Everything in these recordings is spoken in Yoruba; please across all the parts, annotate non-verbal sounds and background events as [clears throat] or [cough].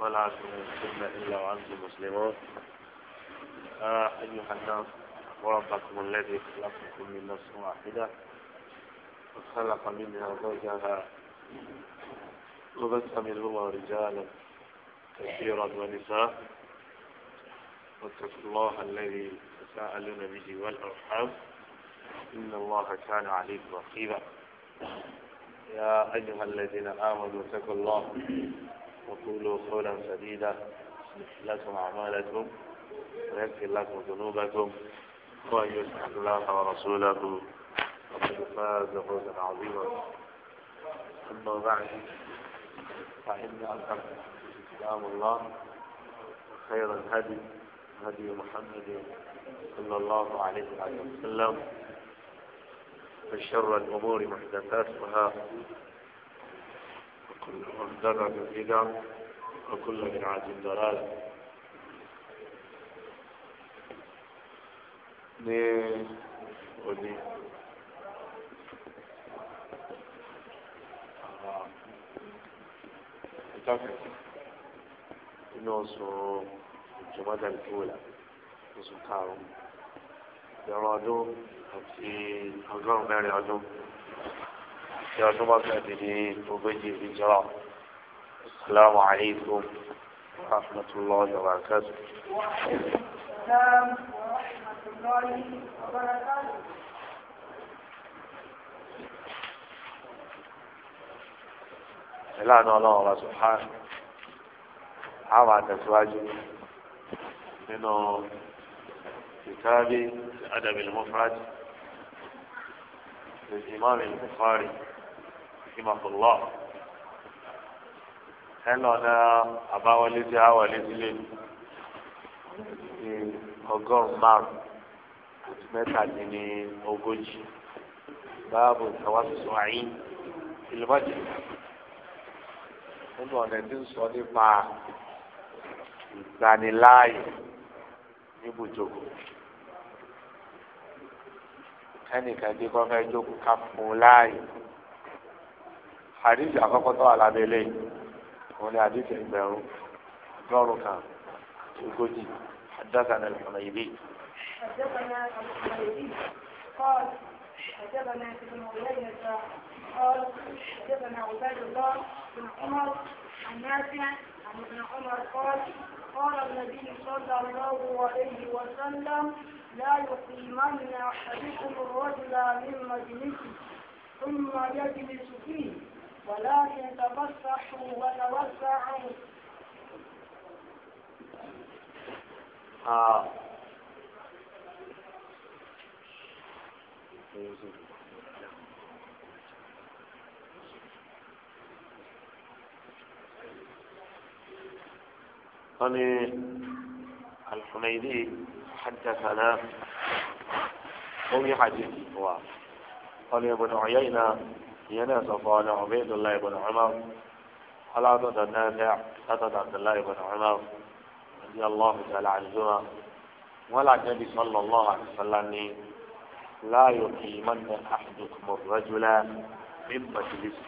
ولا السنة إلا وأنتم مسلمون أيها الناس وربكم الذي خلقكم من نفس واحدة وخلق منها زوجها وبث منهما رجالا كثيرا ونساء واتقوا الله الذي تساءلون به والأرحام إن الله كان عليكم رقيبا يا أيها الذين آمنوا اتقوا الله وقولوا قولا سديدا يصلح لكم أعمالكم ويغفر لكم ذنوبكم وأن يسمع الله ورسوله وقد فاز فوزا عظيما أما بعد فإن أكثر كلام الله خير الهدي هدي محمد صلى الله عليه وسلم وشر الأمور محدثاتها وكل محدثة بدعة وكل بدعة ضلالة ní òní ìtàkùn inú oṣù ìjọba ìfowópamọ́ oṣù karùn-ún ìrọ̀ ọdún àti ọgọ́rùn-ún mẹ́rin ọdún. في عظمة أبدي وبجي الإجراء السلام عليكم ورحمة الله وبركاته وعليكم السلام ورحمة الله وبركاته ìlànà ọlọ́run ọba sùhán àwọn àtẹ̀síwájú nínú ìtàbí adàbìlì mọ́fúrájì lè rahimahullah ẹ lọ na àbáwọlé tí a wọlé sílé ní ọgọ́rùn-ún márùn àti mẹ́tàdínní ogójì báàbò tàwásùsù àyín ìlúmọ̀jì nínú ọ̀nà tí ń sọ nípa ìgbaniláàyè níbùjókòó ẹnìkan dé kọ́ fẹ́ jókòó ká fún un láàyè àdìsí àkọ́kọ́ tó wà lábẹ́ ilé òun ni àdìsí ẹgbẹ̀rún ọgọ́rùn kan ogójì àdásánà ìfọ̀nà ìbí. حجبنا ابن عيينة قال حجبنا عباد الله بن عمر عن نافع عن ابن عمر قال قال النبي صلى الله عليه وسلم لا يقيمن احدكم الرجل من مجلسه ثم يجلس فيه ولكن تفسحوا وتوسعوا آه. الحميدي حدثنا قوي حديث قال ابن عيينة ìyẹn náà sọ fún ọ ní ọmọ ìdúlá ibùn Umar aládọ́dọ̀ náà fẹ́ látọ̀dọ̀ àdúlá ibùn Umar àti aláhùn sàlẹ̀ àdúrà wọn làjẹ́ bí sọlọ lọ́wọ́ àtìsọ́lá ní láàyò kì í mọ́nà àdùkùmọ̀ rẹ́júlá ní mọ̀tìlísì.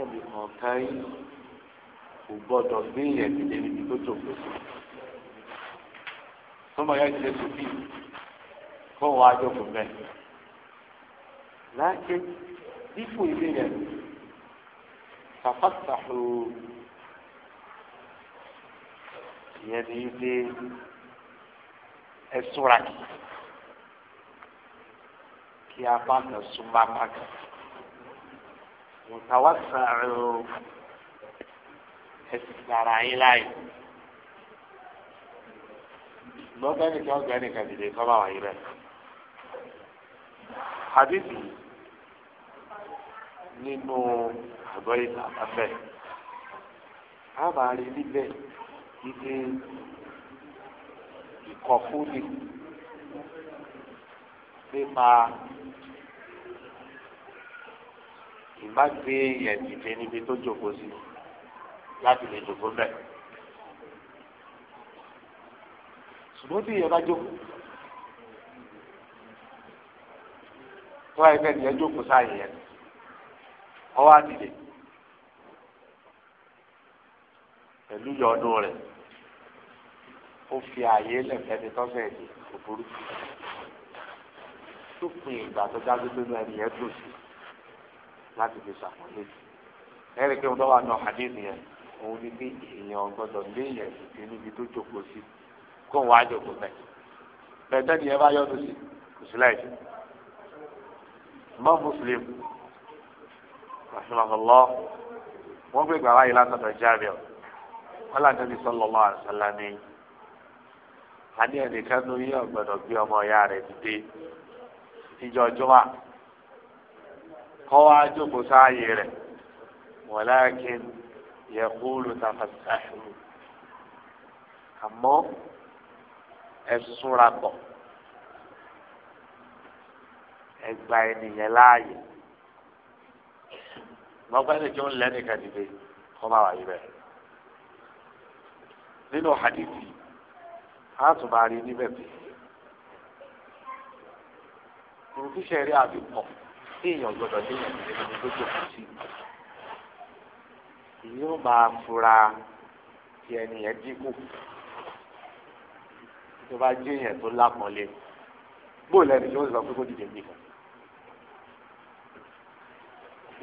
ẹnì kọ̀ọ̀kan yìí kò gbọ́dọ̀ gbé yẹn nílé níbi tó jòkó sí. tó mọ̀ yẹn ti lè láàkín dípò ilé yẹn tàfàtàhù ìyẹn ní ilé ẹ̀ṣúra kì kí a bá lọ súnmọ́ apá kan mùtàwásàrò ẹ̀sìn lára yín láàyè lọ́gbẹ́ni kí ọgbẹ́ni kan dìde kọ́ bá wà yí rẹ̀. حديث nínú àgọ́ ìlàfẹ́ a máa rí níbẹ̀ ibi ìkọ̀fúnni nípa ìmágbé yẹn dìde níbi tó jókòó sí láti lè jókòó bẹ́ẹ̀. ṣùgbọ́n tí ìyẹn bá jókòó wọ́n á yẹ kẹ́ ẹ̀ jókòó sáà yẹn ọwọ́ àdìdè pẹ̀lú yọdún rẹ̀ ó fi ààyè lẹ́fẹ̀ẹ́ni tọ́sẹ̀ ní òbúrú tó pin ìgbà tó dájú pé náà ẹnìyẹn dùn sí láti fi ṣàpọ̀lé ẹ̀rí pé wọ́n wà náà àdéhùn yẹn òun ni pé èèyàn gbọ́dọ̀ lé èèyàn sí níbi tó jókòó sí kó wọ́n á jókòó bẹ́ẹ̀ bẹ́ẹ̀ tẹ́ni ẹ bá yọdún sí kò sí láì sí mọ́ mùsùlùmí rahimahullah wọ́n gbé gbàrà yìí látọ̀dọ̀ jáde ọ̀ wọ́n là níbi sallallahu alaihi wasallam ni a ní ẹnìkan ní yíyọ̀ gbọ́dọ̀ gbé ọmọ ìyá rẹ̀ dìde níjọ́ jọ́wà kọ́ wá jókòó sáàyè rẹ̀ walakin yaqulu tafassahu àmọ́ ẹ̀sùn ra pọ̀ ẹgbà ènìyàn láàyè mọ̀gbẹ́ni tí ó ń lẹ́nu kẹ́dìdé kọ́ máa wà yí bẹ́ẹ̀. nínú hadithi a tún máa rí níbẹ̀ bí. ìrùkúṣẹ́ rí àbí pọ̀ tí èèyàn gbọ́dọ̀ dé èèyàn níbi ní kù sí. yóò máa fura tí ẹni yẹn dínkù tó bá jẹ́ èèyàn tó lápọ̀lé bóòlù ẹni tó ń sọ pé kó dìde nìkan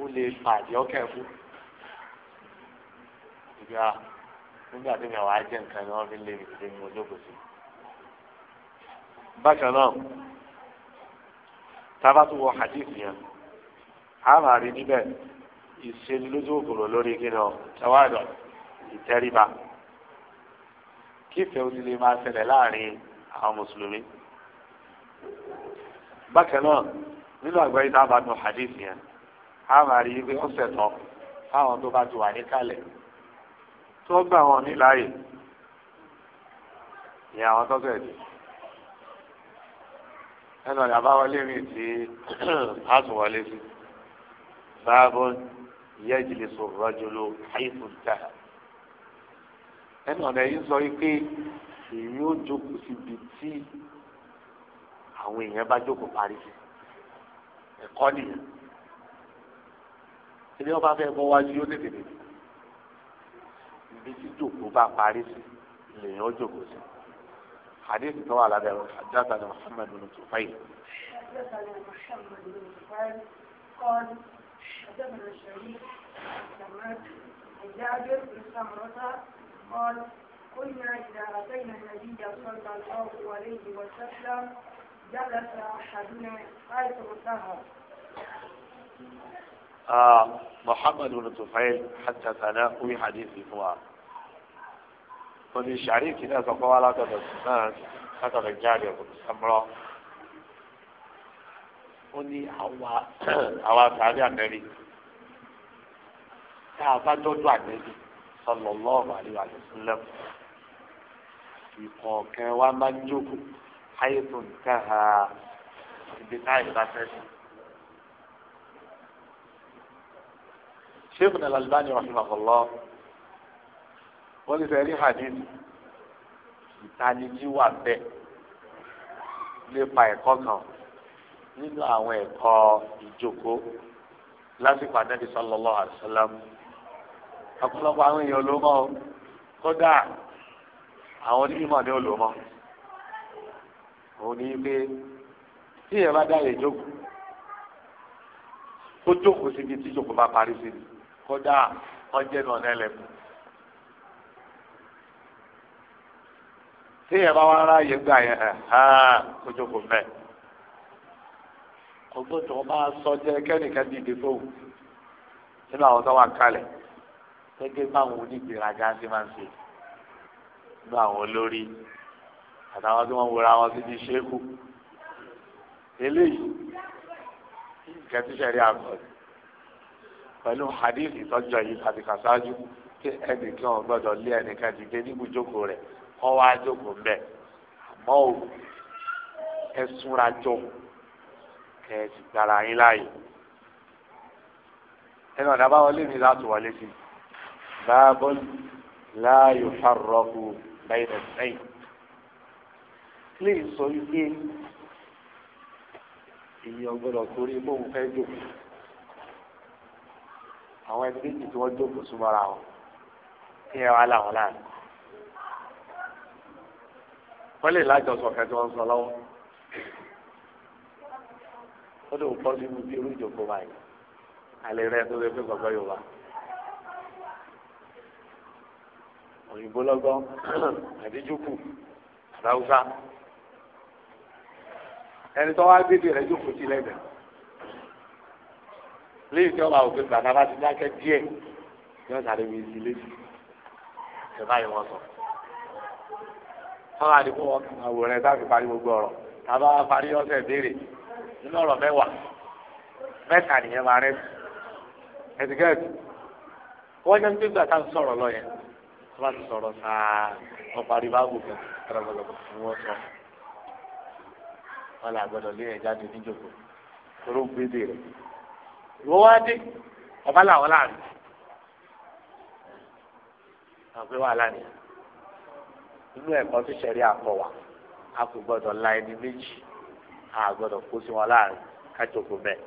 ó lè pàdé ọkẹ́ fún ìgbà nígbà tí mi àwọn ajẹ́ nǹkan ni wọ́n fi lé mi tètè mi olóko sí. bákan náà tábà tó wọ hadith yẹn a máa rí níbẹ̀ ìṣèlélójú òkòrò lórí kí ni ọ tẹwádọ̀ ìtẹríba kífẹ́ òdìlé máa ṣẹlẹ̀ láàrin àwọn mùsùlùmí. bákan náà nínú àgbáyé tábà hadith yẹn a máa rí pé ó ṣẹ̀tọ́ fáwọn tó bá ti wà níkàlẹ̀ tó gbà wọn ní láàyè ìyẹn àwọn tó bẹ̀rẹ̀ ẹnu ọ̀dà bá wọlé mi tí [clears throat] a tún wọlé sí báàbò yẹ́jìlì sọ̀rọ̀ rọ́jòló àìsùn tà ẹnu ọ̀dà yìí sọ pé èyí ó jókòó síbi tí àwọn èèyàn bá jókòó parí ẹ̀kọ́ nìyẹn ẹni ọba fẹ́ bọ́ wájú yóò tètè tètè ibi tí jòkó bá parí sí lèyìn ó jòkó sí hadith tó wà lábẹ́ rẹ̀ hadathah muhammed bin tufayl. قال حدثنا الشريك سمعت عن جابر قال كنا إذا أتينا النبي صلى الله عليه وسلم جلس أحدنا حيث انتهى محمد بن طفيل حتى تناقوا حديث الفوار ومن شعريك ناس قوالا قد السنان حتى رجالي أبو السمراء وني أوا أوا تعالي النبي تعالى تدعى النبي صلى الله عليه وسلم في قوكا ومن جوكو حيث انتهى بتاعي باتاتي Sheikhuna Al-Albani الله wọ́n ti sẹ́rí hadith ìtanijí wà bẹ́ẹ̀ nípa ẹ̀kọ́ kan nínú àwọn ẹ̀kọ́ ìjókòó lásìkò ànábi sallallahu alaihi wasallam ọ̀pọ̀lọpọ̀ àwọn èèyàn ló mọ̀ kódà àwọn onímọ̀ ni ó lò mọ̀ òun ní pé tí èèyàn bá dá ìjókòó tó jókòó síbi tí ìjókòó bá parí síbi kódà ọjẹ́ náà nẹ́lẹ̀kùn. tí yẹn bá wá ráàyè gbà yẹn hàn kójú kò mẹ́ ọgbọ́dọ̀ máa sọ jẹ́ kẹ́nìkan dìde fóun nínú àwọn tó wà kalẹ̀ gẹ́gẹ́ báwọn onígbèraga ṣe máa ń ṣe nínú àwọn olórí àtàwọn tí wọ́n wúra wọn sí ti ṣéèkù eléyìí kẹ́tíṣẹ́rí àgbọ̀dì pẹ̀lú hadith ìtọ́jú yìí tàbí kàṣáájú kí ẹnìkan ò gbọ́dọ̀ lé ẹnìkan dìde níbu jókòó rẹ̀ kọ́ wá jókòó mbẹ́ àmọ́ ò ẹ súnra jọ kẹ ẹ sì gbára yín láàyè ẹnu ọ̀dà bá wọlé mi láti wọlé sí báàbọ̀ láàyò fárọ́kù bẹ́ẹ̀ lẹ́yìn lè sọ wípé èyí ọgbọ́dọ̀ torí bóun fẹ́ jókòó àwọn ẹni méjì tí wọ́n jókòó súnmọ́ra wọn kí ẹ wá láwọn láàrin. wọ́n lè lájọsọ kẹ́ tí wọ́n sọ lọ́wọ́ ó lè pọ́ sí ibi irú ìjókòó báyìí alẹ́ rẹ tó lè fi gbọ́gbọ́ yorùbá. òyìnbó lọ́gbọ́n àdéjúkù àdáwùsá ẹni tó wá gbé bí rẹ jókòó sí lẹ́gbẹ̀ẹ́ lẹ́yìn tí wọ́n máa wò pé bàtà bá ti dákẹ́ díẹ̀ yóò sáré mi sí lé ìjọba yìí wọ́n sọ. sọ́wọ́n àdìpọ̀ wọn kàn máa wò rẹ̀ sáfi parí gbogbo ọ̀rọ̀ tàbá wa parí ọ̀sẹ̀ béèrè nínú ọ̀rọ̀ mẹ́wàá mẹ́ta nìyẹn máa rẹ̀ ẹ̀dígẹ́ẹ̀tì wọ́n jẹ́ nígbà tá a sọ̀rọ̀ lọ yẹn tó bá ti sọ̀rọ̀ sáà wọ́n parí báàbò kan tẹ̀lẹ́gbẹ̀lẹ́gbẹ̀ ni wọ́n sọ wọ́n là gbọ́dọ̀ lé ẹ̀ jáde níjòkó torógbédè rẹ̀ ìwọ wá dé ọba làwọn láàrin àwọn pé wàhálà ni inú ẹ̀kọ́ tó ṣẹ̀rí àpọ̀ wà a kò gbọ́dọ̀ la ẹni méjì a gbọ́dọ̀ kó sí wọn láàrin kájọpọ̀ bẹ́ẹ̀.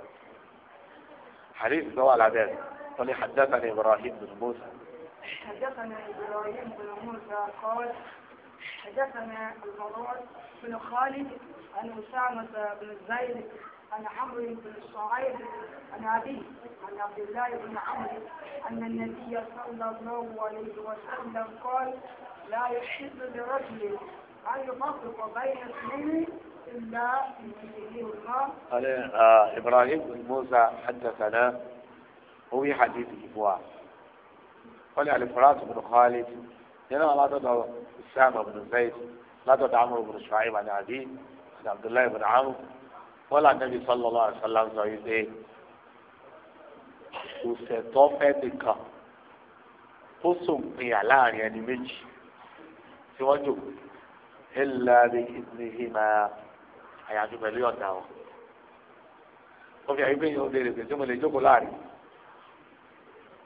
حديث هو على ذلك قال حدثني إبراهيم بن موسى حدثنا إبراهيم بن موسى قال حدثنا المرور بن خالد عن أسامة بن زيد عن عمرو بن الصعيب عن أبي عن عبد الله بن عمرو أن النبي صلى الله عليه وسلم قال لا يحب لرجل أن يفرق بين اثنين إلا في الله قال آه، إبراهيم بن موسى حدثنا هو في حديث إبواه قال على فراس بن خالد هنا لا تدع أسامة بن زيد لا تدع عمرو بن شعيب عن أبي عن عبد الله بن عمرو wọn là nẹbi sọlọlọ àṣàlá ń sọ yìí pé kò sẹtọ fẹmi kan tó sòmpinya láàrin ẹni méjì tí wọn jò ẹ lárí ní ìhìnà àyàfi pẹ̀lú ọ̀dà wọn wọ́n fi àyè gbẹ̀yìn ọ̀dẹ̀ rẹ̀ tí mo lè jókòó láàrin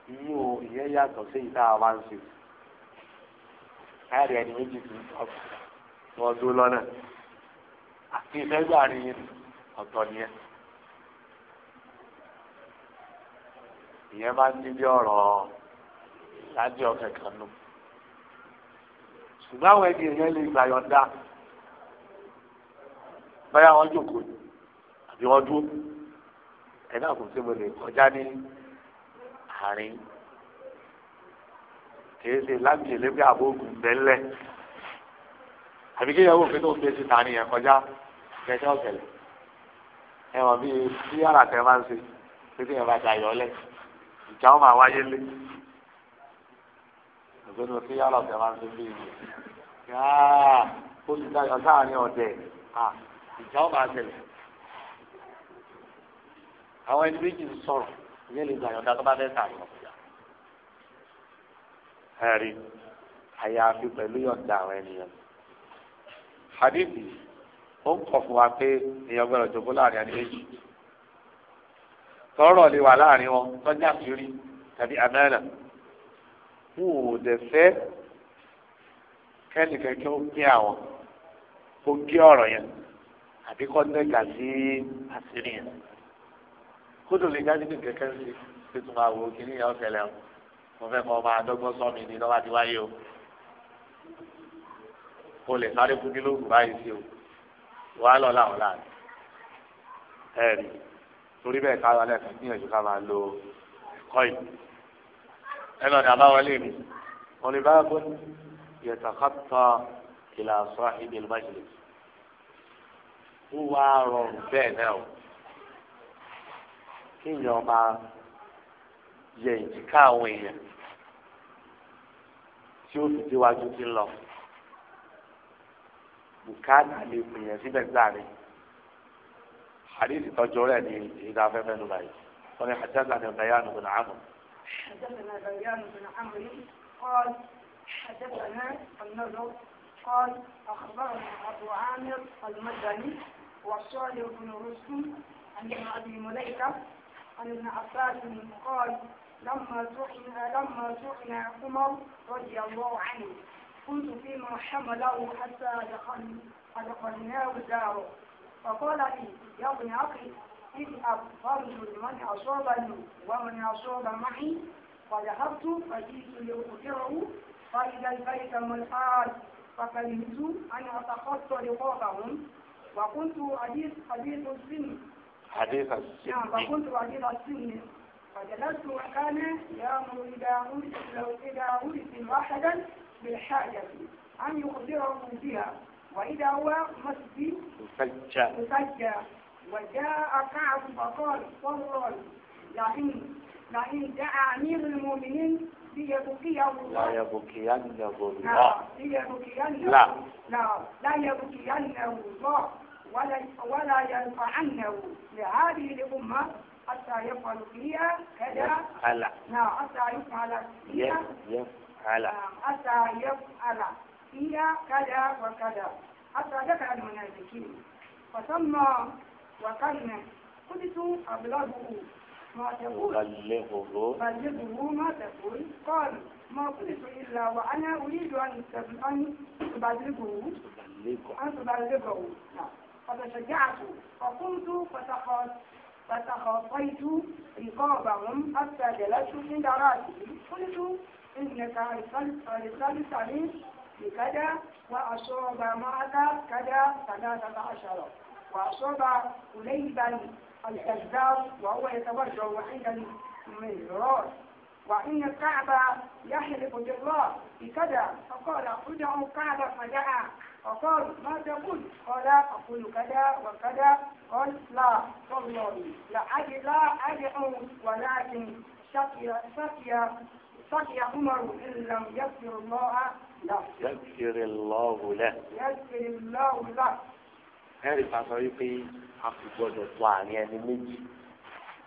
yíyó ìyẹn yàtọ̀ sí ìta àwọn ṣe láàrin ẹni méjì tí wọ́n dúró lọ́nà àti ìfẹ́ gbàrin yìí ọ̀tọ̀ ni ẹ. ìyẹn máa ń ní bí ọ̀rọ̀ láti ọ̀fẹ́ kan nù. ṣùgbọ́n àwọn ẹni èèyàn lè gbà yọ̀ǹda báyà wọ́n jókòó àbí wọ́n dúró ẹ̀dá kò sí mo lè kọjá ní àárín kìí ṣe lábìyẹ lẹ́gbẹ́ àbóògùn bẹ́lẹ̀ àbí kéèyàn wò pé tó ń gbé síta ni yẹn kọjá kẹjọ ọ̀sẹ̀lẹ̀ ẹ wọ bí bí ara tẹ máa ń ṣe títí yẹn bá ta yọ lẹ ìjà ó máa wáyé lé ọgbẹni bí ara tẹ máa ń ṣe bí yáà olùdáyọ sáàrin ọdẹ ìjà ó máa ṣẹlẹ̀ àwọn ẹni méjì ń sọ̀rọ̀ ìyẹn lè gbàyàn dá tó bá fẹ́ sàyàn ọ̀gá ẹ̀rí àyàfi pẹ̀lú yọ̀ǹda àwọn ènìyàn hadithi ó ń kọ̀ fún wa pé èèyàn gbọ́dọ̀ jòkó láàrin àní méjì tọ́rọ̀ lè wà láàrin wọn tọ́jà fìrí tàbí àmẹ́rà ń ò dẹ̀ fẹ́ kẹ́nìkan kí ó gbé àwọn kó gé ọ̀rọ̀ yẹn àbí kọ́ nẹ́gà sí àṣírí yẹn kódò lè dájú pé kẹ̀kẹ́ ń ṣe pé tó máa wo kíní yẹn ọ̀fẹ́ lẹ́wọ̀n mo fẹ́ kọ́ máa dọ́gbọ́n sọ́mi ní lọ́wọ́ àti wáyé o o lè sáré fún kí lóògùn báyìí sí o wàá lọ làwọn láàrin ẹ̀rí torí bẹ́ẹ̀ káwọn alẹ́kùn gbìyànjú ká máa lo ẹ̀kọ́ yìí ẹnu ọ̀dà àbáwọlé mi wọn lè bá a gbọ́n yẹtàkàtà ìlà àṣọ ibi ìlúmájìlè wíwá rọrùn bẹ́ẹ̀ náà o kéèyàn máa yẹ ìjìká àwọn èèyàn tí ó fi déwájú ti lọ. وكان lè pèyàn síbẹ̀ láàrin حديث تجورة إذا فهمنا بعيد قال حدثنا البيان بن عمرو حدثنا بيان بن عمرو قال حدثنا النضر قال أخبرنا أبو عامر المدني وصالح بن رسول عن أبي مليكة عن ابن عباس قال لما سئل لما سئل عمر رضي الله عنه كنت فيما حمله حتى أدخلناه داره فقال لي يا ابن أخي اذهب فارجل لمن أصابني ومن أصاب معي فذهبت فجئت لأخبره فإذا البيت ملحاد فكلمت أن أتخطى لقاءهم وكنت حديث حديث السن حديث السن نعم وكنت حديث السن فجلست وكان يأمر إذا أرسل إذا أرسل واحدا بالحاجة أن يخبرهم بها وإذا هو مسجد مسجى مسجى وجاء كعب فقال والله لئن لئن دعا أمير المؤمنين ليبكيه الله لا يبكينه نعم. الله لا ليبكينه لا لا نعم. لا يبكينه الله ولا ولا ينفعنه لهذه الأمة حتى يفعل فيها كذا لا نعم. حتى يفعل فيها على حتى يفعل فيها كذا وكذا حتى ذكر المنافقين فسمى وكلم قلت أبلغه ما تقول بلغه بلغه ما تقول قال ما قلت إلا وأنا أريد أن أن تبلغه أن تبلغه فتشجعت فقمت فتخاف فتخافيت رقابهم حتى جلست عند راسه قلت إنك أرسلت لي بكذا وأصاب معك كذا ثلاثة عشر وأصاب قليبا الكذاب وهو يتوجه عند الراس وإن الكعبة يحلف بالله بكذا فقال ادعوا الكعبة فدعا فقال ما تقول قال أقول كذا وكذا قال لا والله لا أدعو ولكن شكي شكي سقي عمر إن لم يغفر الله له يغفر الله له يغفر الله له ẹ̀rí pàṣẹ wípé a kò gbọdọ̀ tó àárín ẹni méjì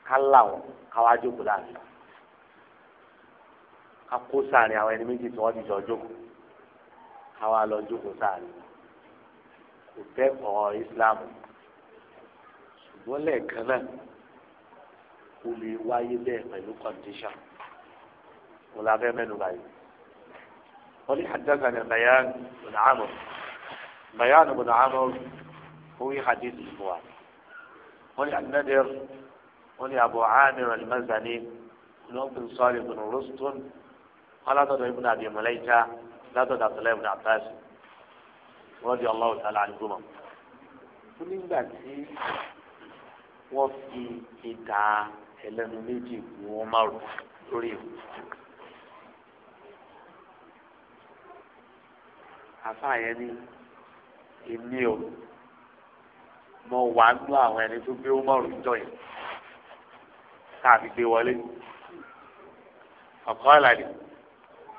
ká láwọn káwá jókòó láàrin ká kó sáàrin àwọn ẹni méjì tí wọ́n ti jọ jókòó káwá lọ jókòó sáàrin kò kẹ́kọ̀ọ́ Islam ṣùgbọ́n lẹ́ẹ̀kan náà ó lè wáyé bẹ́ẹ̀ pẹ̀lú condition wọn la fẹ́ mẹ́nu báyìí wọ́n ní hadasa ni bayan bin amur bayan bin amur ó yí hadithi fún wa wọ́n ní anadir wọ́n ní abu amir al-mazani wọ́n bin sọ́ọ̀lì bin rustun wọ́n látọ̀dọ̀ ibùdó àbí mọ̀lẹ́jà látọ̀dọ̀ àtọ̀lẹ́ ibùdó àbáṣe wọ́n di ọlọ́wọ́ sálà àdúgbò fún nígbà tí wọ́n fi ìdá ẹlẹ́nu méjì wọ́n márùn lórí ìwé. àfáà yẹn ní èmi o mo wà nú àwọn ẹni tó gbé Umaru jọ yẹn káàfi gbé wọlé ọ̀kọ́ àlàyé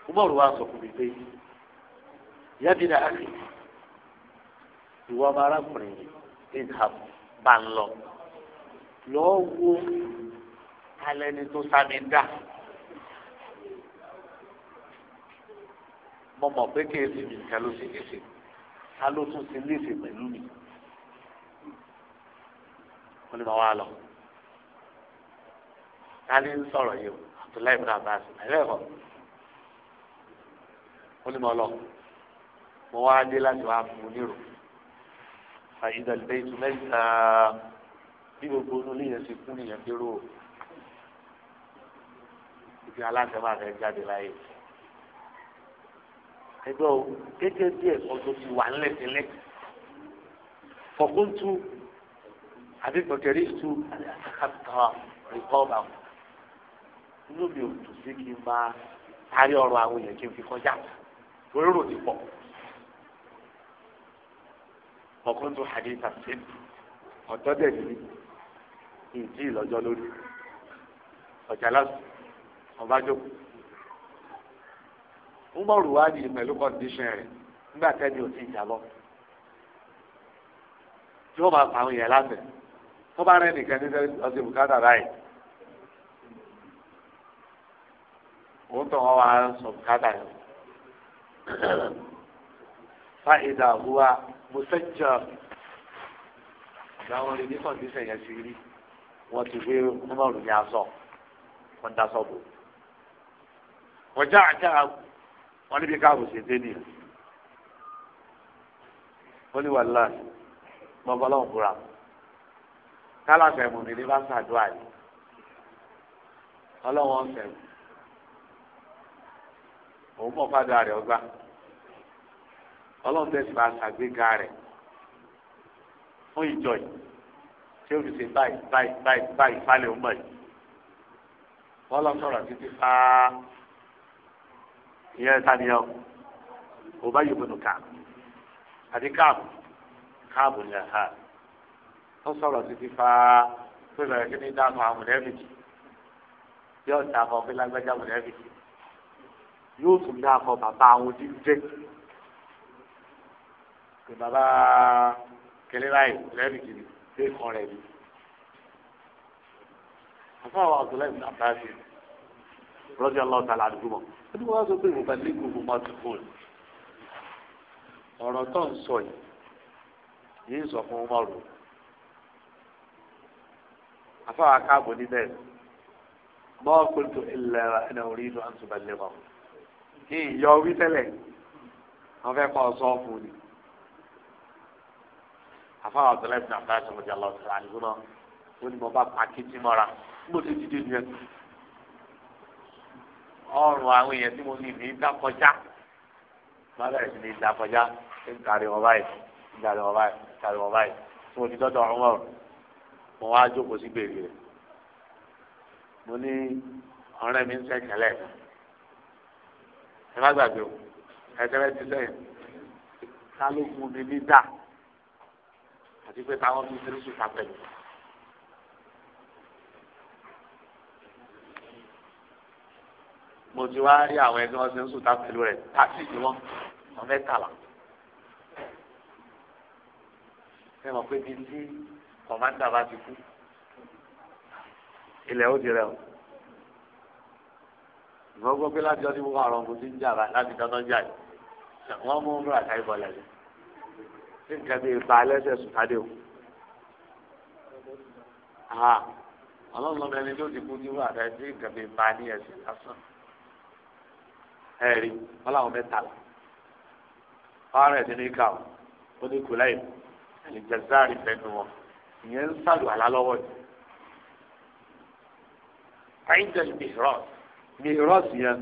Umaru wa sọ fún mi pé yàtí dàá kì ìwọ ọmọ arákùnrin yìí ìhà bá ń lọ lọ́ọ́ wo alẹ́ ni tó sá mi dá. mo mọ̀ pé kí èsì mi nìkan ló ṣe léṣe ká ló tún ṣe léṣe pẹ̀lú mi wọ́n ní ma wá lọ ká ní sọ̀rọ̀ yìí o Abdullahi bin Abbas ẹlẹ́kọ̀ọ́ wọ́n ní ma lọ mo wá dé láti wá fún un nírò àyídàlẹ́ ìtumẹ̀ ìta bí gbogbo inú ilé yẹn ti kún nìyẹn dérò ìdí aláṣẹ máa fẹ́ jáde láyé ẹgbẹ́ o gẹ́gẹ́ bí ẹ̀kọ́ tó ti wà ńlẹ̀ sílẹ̀ fọkúntù àbí pọ̀kẹ́rì tu àkàtà rìpọ́ọ̀bà inú mi ò dùn sí kí n máa tarí ọ̀rọ̀ àwọn èèyàn kí n fi kọjá lórí rò ti pọ̀ fọkúntù hadith àti ọ̀tọ́ dẹ̀ ní ìdí ìlọ́jọ́ lórí ọ̀jà lásìkò ọba umaru wa di pẹ̀lú kọ́ndíṣẹ̀ rẹ̀ nígbà tẹ́ni ò ti jà lọ. tí wọ́n máa pa àwọn èèyàn láfẹ̀ tó bá rẹ̀ nìkan ní ọ̀sẹ̀ bùkátà báyìí. òun tó wọn wá sọ bùkátà yẹn. fáìdà huwa mùsẹ̀jọ ìgbà wọn lè ní kọ́ndíṣẹ̀ yẹn sí rí wọ́n ti gbé umaru ní aṣọ wọ́n dá sọ́ọ̀bù. wọ́n já àjà àbù wọn níbi káàbù ṣe dé nìyẹn ó ní wàhálà mọ́bọ́lọ́hùn fúra ni mùmíní bá ṣàdúrà yìí ọlọ́wọ́n ń fẹ́ òun mọ̀ fádà rẹ̀ ọgbà ọlọ́run tẹ̀sí bá ṣàgbéga rẹ̀ fún ìjọ yìí tí ó fi ṣe báyìí báyìí báyìí báyìí falẹ̀ ọmọ yìí wọ́n lọ sọ̀rọ̀ títí fáá ìyẹn saniya o bá yóò gbẹnu káàbù àti káàbù káàbù ni ẹ̀ha ó sọ̀rọ̀ títí fa pé bẹ̀rẹ̀ kí ni dáàbò àmùnẹ́bìkì yóò ta akọ pé lágbájá àmùnẹ́bìkì yóò tún dá akọ bàbá àwọn tí pé bàbá kẹlẹ́ báyìí àmùnẹ́bìkì ni pé kọ́ rẹ̀ ni. àfọwọ́ àgbọ̀lẹ́ ìgbà bá ti rí rọ́jà lọ́ọ̀tà làdúgbò ó ní wọ́n sọ pé ìrùbá lẹ́gùn fún mọ́tìfún ọ̀rọ̀ tó ń sọ yìí yìí ń sọ fún ọmọrù afáwà káàbò ní bẹ́ẹ̀ mọ́ kóńtò ilẹ̀ ẹ̀nà orí inú àtúbà lẹ́wọ̀n kí n yọ wí tẹ́lẹ̀ wọ́n fẹ́ kọ́ sọ fún ni afáwà tọ́lẹ̀ fún àfáà sọ̀rọ̀ jà lọ́sọ̀rọ̀ àdúgbò náà ó ní mo bá pàkí tí mọ́ra mo ti dìde nìyẹn ọrùn àwọn èèyàn tí mo ní ìbí dá kọjá má bẹ̀rẹ̀ sí ní dá kọjá ń kárí wọn báyìí ń kárí wọn báyìí ń kárí wọn báyìí tí mo ti dọ́dọ̀ ọ̀run ọ̀run mo wá jókòó sí gbèrè rẹ̀ mo ní ọ̀rẹ́ mi ń sẹ́kẹ̀lẹ̀ ẹ má gbàgbé o ẹ̀tẹ́rẹ́ ti sẹ́yìn kálukú mi ní dà àti pé táwọn fi ṣe é sùn kápẹ́lú. mo ti wá rí àwọn ẹgbẹ́ wọn ṣe ń sùn pẹ̀lú rẹ̀ tàbí ni wọ́n wọn mẹ́tàlá. ẹ mọ̀ pé bíi tí kọ̀máńdà bá ti kú ilẹ̀ ó di rẹ̀ o. ìwọ́n gbọ́ pé láti ọdún mọ́kàn ọ̀rọ̀ ọ̀gbọ́n ti ń jà láti dáná jà yìí wọ́n mú ọmọ àtàrí bọ̀lẹ̀ ni ní nǹkan bíi ba ẹlẹ́sẹ̀ sùn o. ọlọ́run lọ́mọ ẹni tó ti kú ní wàhálà ẹni nǹkan bíi ba ní ẹ̀sìn lásán ẹ̀rí wọn làwọn mẹ́tàlá fáwọn ẹ̀sìn ní ká o ó ní kùláyìn ìjẹ̀sáàrí fẹ́nu wọn ìyẹn ń sàlù àlá lọ́wọ́ yìí. àyíjẹ́ mìíràn mìíràn sì yẹn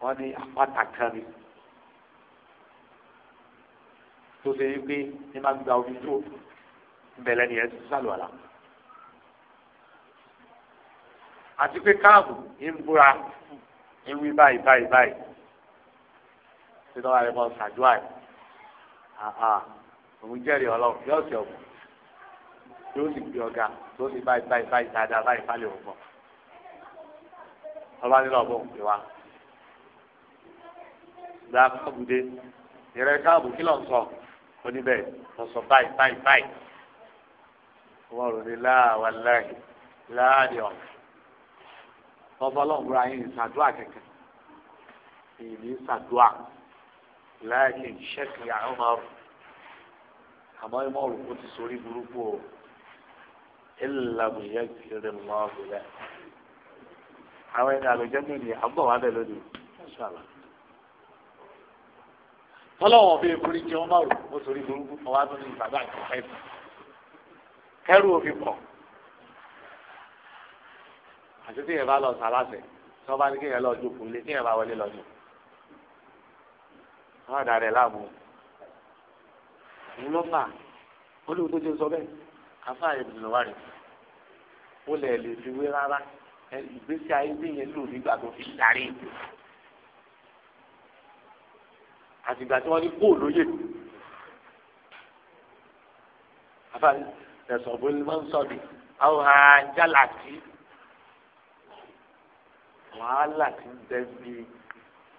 wọ́n ní àpáta kan ni tó ṣe é pé ní máa gba omi tó bẹ̀lẹ̀ nìyẹn ti sàlù àlá. àti pé káàbù ń búra ewì báyìí báyìí báyìí títí wọn àrẹ̀mọ ṣàdúrà yìí àhà òun jẹ́rìí ọlọ́run yóò ṣe ọ̀gbọ̀n yóò sì gbé ọ̀gá tó ní báyìí báyìí báyìí dáadáa báyìí fálẹ̀ ọ̀gbọ̀n ọba nílò ọ̀bọ̀n pè wá gba káàbùdé ìrẹ káàbù kí ló ń sọ oníbẹ̀ lọ́sọ̀ báyìí báyìí báyìí wọ́n ní láàwọ̀ láàyè láàyè ọ̀gbọ̀n ọfọlọ́run búra yín ní sàdúà kẹ̀kẹ́ èyí ní sàdúà láàyè ṣẹ́kì àrùnmọ́rù àmọ́ ìmọ̀ òrùkú ti sórí burúkú o ìlànà yẹn kiri lọ́ọ̀bù rẹ̀ àwọn ẹni àlùjẹ́ mi ni àbọ̀ wà bẹ́ẹ̀ lónìí ṣàlà. tọ́lọ́wọ̀n bíi kúrí jẹun márùn-ún sórí burúkú ọwọ́ àtúntò ìgbàgbọ́ àti ọ̀hẹ́bù kẹrù òfin pọ̀ àti tí yẹn bá lọ sàlásẹ̀ tí wọ́n bá ní kí yẹn lọ ju fúnlé tí yẹn bá wọlé lọ jù wọ́n àdá rẹ̀ láàmú ní lọ́fà olùkọ́ tó ti sọ bẹ́ẹ̀ afa ìdùnnú wa rẹ̀ ó lẹ̀ lè fi wé rárá ìgbésí ayé bí yẹn lò nígbà tó fi darí àtìgbà tí wọ́n ní kó lóye afa ẹ̀sọ̀ bó ni wọ́n sọ bi àwọn àjàlá tí wàhálà ti ń bẹ bí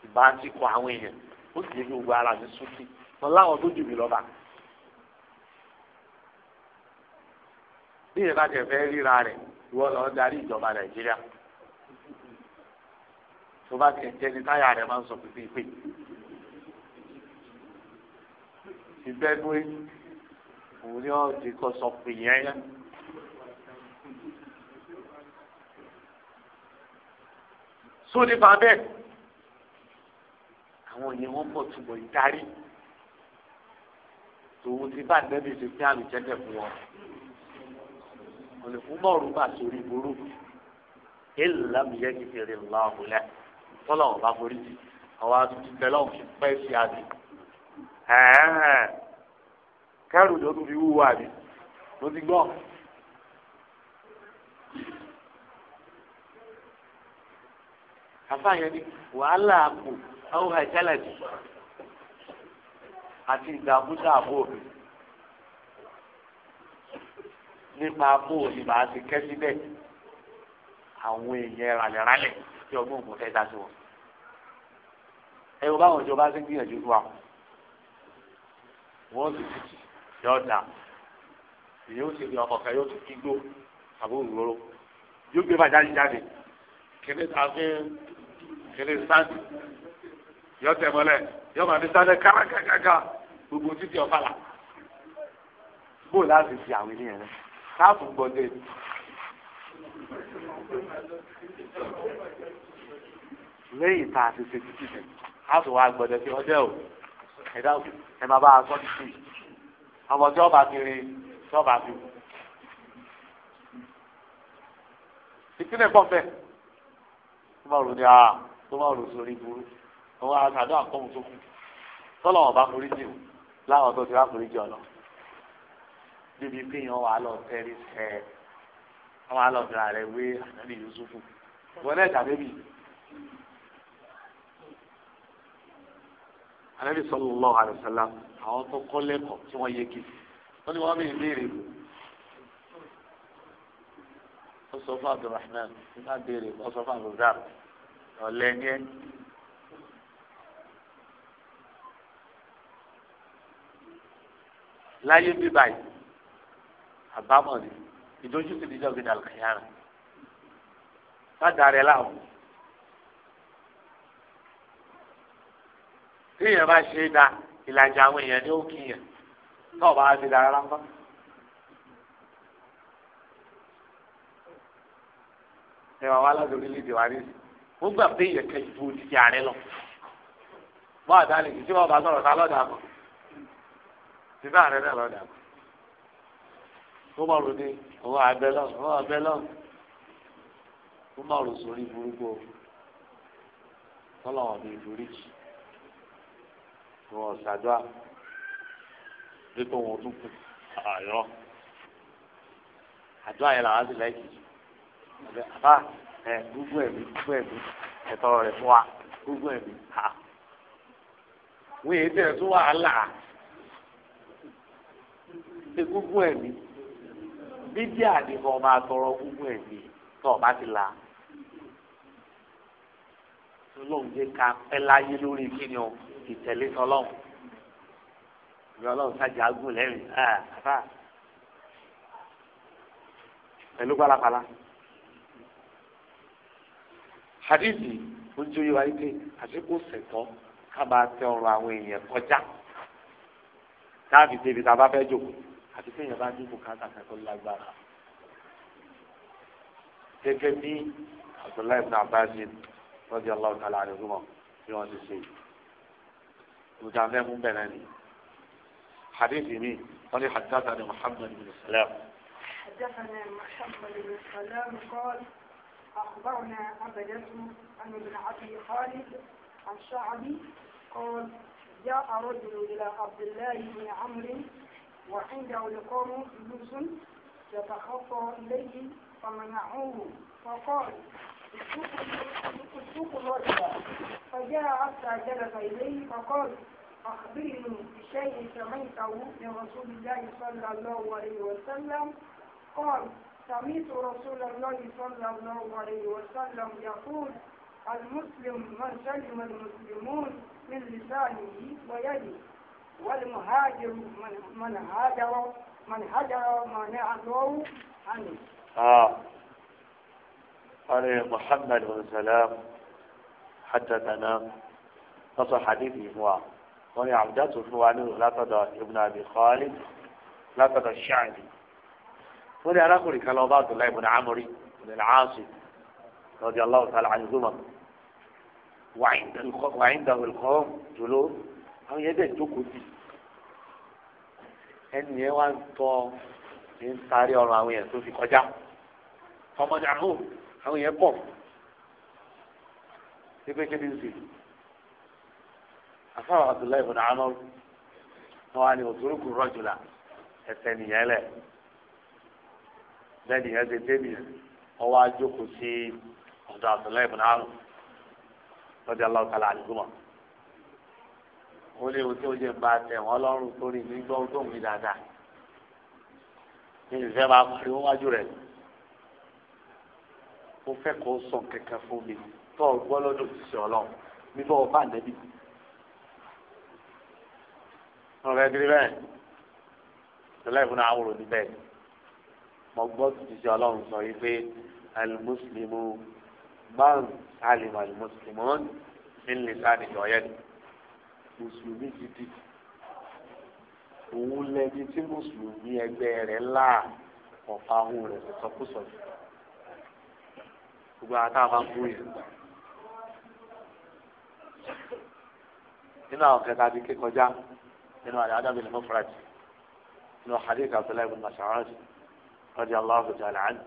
ìbáṣepọ àwọn èèyàn ó sì yẹ kí gbogbo ara mi sún sí wọn láwọn tó jù mí lọ bá. bí ìyẹn bá tẹ fẹ́ ríra rẹ̀ ìwọ lọ darí ìjọba nàìjíríà tó bá tẹ jẹ ní táyà rẹ̀ máa ń sọ pípé pé ìbẹ́nu òun ni wọ́n ti kọ́ sọ pé yẹn yẹn. tó nípa bẹ́ẹ̀ àwọn yẹn wọ́n pọ̀ túbọ̀ ìdarí tòun ti bá nẹ́bí ti fi àmì jẹ́jẹ́ fún wọn olùkú mọ̀ọ́rù bá sórí burú èlùlá mi yẹ kí fèrè ńlá ọ̀húnlẹ̀ tọ́lọ̀ ọ̀bá forí jì àwọn àtúntì tẹ́lọ̀ fi pẹ́ sí àbí kẹ́rù ló wúwo àbí ló gbọ́. àfààyàn ni wàhálà àpò àwọn àìsẹ́lẹ̀tì àti ìdààmúdà àbò mi nípa àbò ni ti kẹ́ síbẹ̀ àwọn èèyàn ralẹ̀ralẹ̀ tí ọgbọ́n ògùn fẹ́ dá sí wọn. ẹ wo báwọn ìjọba ṣe ń gbìyànjú fún wa wọ́n sì ti yọ̀ dà èyí ó sì rí ọkọ̀ kan yóò ti kígbó àbúrò yóò gbé bàjá yìí jáde kìnìún àfin kìnìún sáńtì yọ tẹmọlẹ yọ máa fi sáńtì kárakárakára gbogbo títí ọ̀fà la bó láti fi àwọn ènìyàn rẹ káàpù gbọdẹ lẹ́yìn tá a ti ṣe títí rẹ káàpù wa gbọdẹ fi ọdẹ o ẹ dáhùn ẹ máa bá a sọ títí ọmọ tí ọba kiri tí ọba kiri ìpínlẹ̀ pọ̀ bẹ́ẹ̀ túmọ̀rù ni a túmọ̀rù sórí burú àwọn àtàdó àkọ́mù tó kù tọ́lọ̀ ọ̀bá forí jù láwọn tó ti wá forí jù ọ̀nà débi pé wà lọ tẹ́rí sẹ́ wọ́n á lọ bẹ̀rẹ̀ rẹ̀ wé ànábì Yusufu wọ́n náà tàbí bì ànábì sallallahu alaihi wasallam àwọn tó kọ́ lẹ́kọ̀ọ́ tí wọ́n yege wọ́n ní wọ́n bí ìbéèrè lò ó sọ fún abdulrahman nípa béèrè ó sọ fún abdulrahman ọ̀lẹ́ ní ẹ́. láyé bí báyìí àbámọ̀ ni ìdójútì níjọ́ gbé dàlù kàyàrá bá darẹ̀ láwọn. tí èèyàn bá ṣe é da ìlàjà àwọn èèyàn ní ó kíyàn náà bá a ti dára rárá ẹ wà wá lọ́dọ̀ orílẹ̀-èdè wa rí mo gbà pé ìyẹn kẹ́ ju ti ààrẹ lọ bọ́ àdáni kì í sí wọn bá sọ̀rọ̀ ta lọ́dà kan ti bá ààrẹ náà lọ́dà kan mo mọ̀ rò ní òun àbẹ lọ òun àbẹ lọ mo rò sórí burúkú tọ́lọ̀wọ̀n mi lórí jì wọn ṣàdúrà dípò wọn tún kù àyọ àdúrà yẹn làwọn ti lẹ́yìn àbá ẹ gbogbo ẹ̀mí gbogbo ẹ̀mí ẹ̀tọ́ rẹ̀ fún wa gbogbo ẹ̀mí ha wọ́n yé tẹ̀ tún wàhálà ṣe gbogbo ẹ̀mí bíbí àdìbò máa tọrọ gbogbo ẹ̀mí tó o ti la ọlọ́run jẹ́ ká pẹ́ láyé lórí kíni o ìtẹ̀lé tọlọ́run ìyá ọlọ́run sájà agùn lẹ́rìn-ín pẹ̀lú pálapàla hadithi ojú yìí wáyé pé àsìkò ṣẹ̀tọ́ ká máa tẹ ọrọ̀ àwọn èèyàn kọjá káàbì débi tá a bá fẹ́ jókòó àti téèyàn bá dínkù káàkiri tó lágbára. gẹ́gẹ́ bí abdullahi ibn abbas radiyallahu ta'ala anhuma bí wọ́n ti ṣe ìbùdó fẹ́ bẹ̀rẹ̀ ni. حديث مين؟ قال حدثنا محمد بن سلام حدثنا محمد بن سلام قال أخبرنا أبدت أن ابن أبي خالد الشعبي قال جاء رجل إلى عبد الله بن عمرو وعنده لقوم جلوس يتخطى إليه فمنعوه فقال اتقوا الرجل فجاء حتى جلس إليه فقال أخبرني بشيء سمعته من رسول الله صلى الله عليه وسلم قال سمعت رسول الله صلى الله عليه وسلم يقول المسلم من سلم المسلمون من لسانه ويده والمهاجر من من هاجر من هجر منعه عنه. آه. قال محمد بن سلام حدثنا نص حديثه هو وهي عبدته هو عنه لا تدع ابن ابي خالد لا تدع الشعبي wọ́n ní arákùnrin kan lọ́ọ́ bá Abdullahi ibn Amr ibn al-As radiyallahu ta'ala anhuma wa indahu al-qawm julusun àwọn yẹn bẹ̀ jókòó bì ẹni yẹn wá ń tọ́ ní ń tarí ọrùn àwọn yẹn tó fi kọjá ọmọdé àwọn àwọn yẹn bọ̀ pípẹ́ kéde ń sè afáwọn Abdullahi ibn Amr wọn wá ní òtúrúkú rọ́jùlá ẹsẹ̀ nìyẹn lẹ̀ lẹ́nu yẹn ti dé nìyẹn wọ́n wá jókòó sí ọ̀dọ̀ Abdullahi ibn Amr lọ́dí aláwọ̀kálá àdìgúnmọ̀. ó léwu tí ó jẹ́ bá tẹ̀ wọ́n lọ́rùn torí mi gbọ́ tó ń mi dáadáa. mi ò fẹ́ máa pariwo wájú rẹ̀. mo fẹ́ kó sọ kẹ̀kẹ́ fún mi tó o gbọ́ lọ́dún ti sọ lọ mi bọ́ bá nẹ́bí. ọ̀rẹ́ gírí bẹ́ẹ̀ tẹ́lẹ̀ ìfúnná àwòrán mo gbọ́ tuntun sí ọlọ́run sọ yìí pé alimuslimu man salima alimuslimun min lisani yọ̀yẹ́ni mùsùlùmí gidi òun lẹni tí mùsùlùmí ẹgbẹ́ rẹ̀ là ọ̀fà ahùn rẹ̀ sọ̀kúsọ̀ gbogbo àtàwọn akúrò yẹn. nínú àwọn kẹta bíi kékọjá nínú àdáadáa bíi nínú àdéhùn àbúlá ibùdó màṣáwárì ọdí aláwọ jàlá àná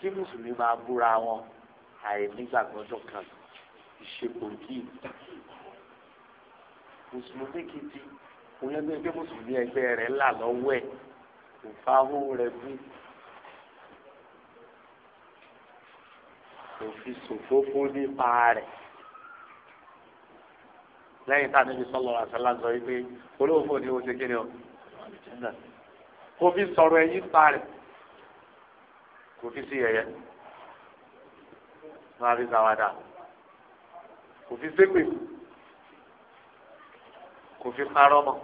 kí mùsùlùmí máa búra wọn àìnígbàgbọ́dọ̀ kan ìṣèpòǹkì mùsùlùmí kìtì òun ẹgbẹ́ ẹgbẹ́ mùsùlùmí ẹgbẹ́ rẹ̀ là lọ́wọ́ ẹ̀ kò fa owó rẹ̀ bí kò fi sòfófó nípa rẹ̀ lẹ́yìn tá a níbi sọ́lọ́ àṣálá sọ wípé olóòfò ni ó ṣe kéde ọ́ kò fi sọ̀rọ̀ ẹ̀yìn pa rẹ̀ kò fi sí yẹ̀yẹ́ máa fi sàwádà kò fi ṣépè kò fi parọ́ mọ́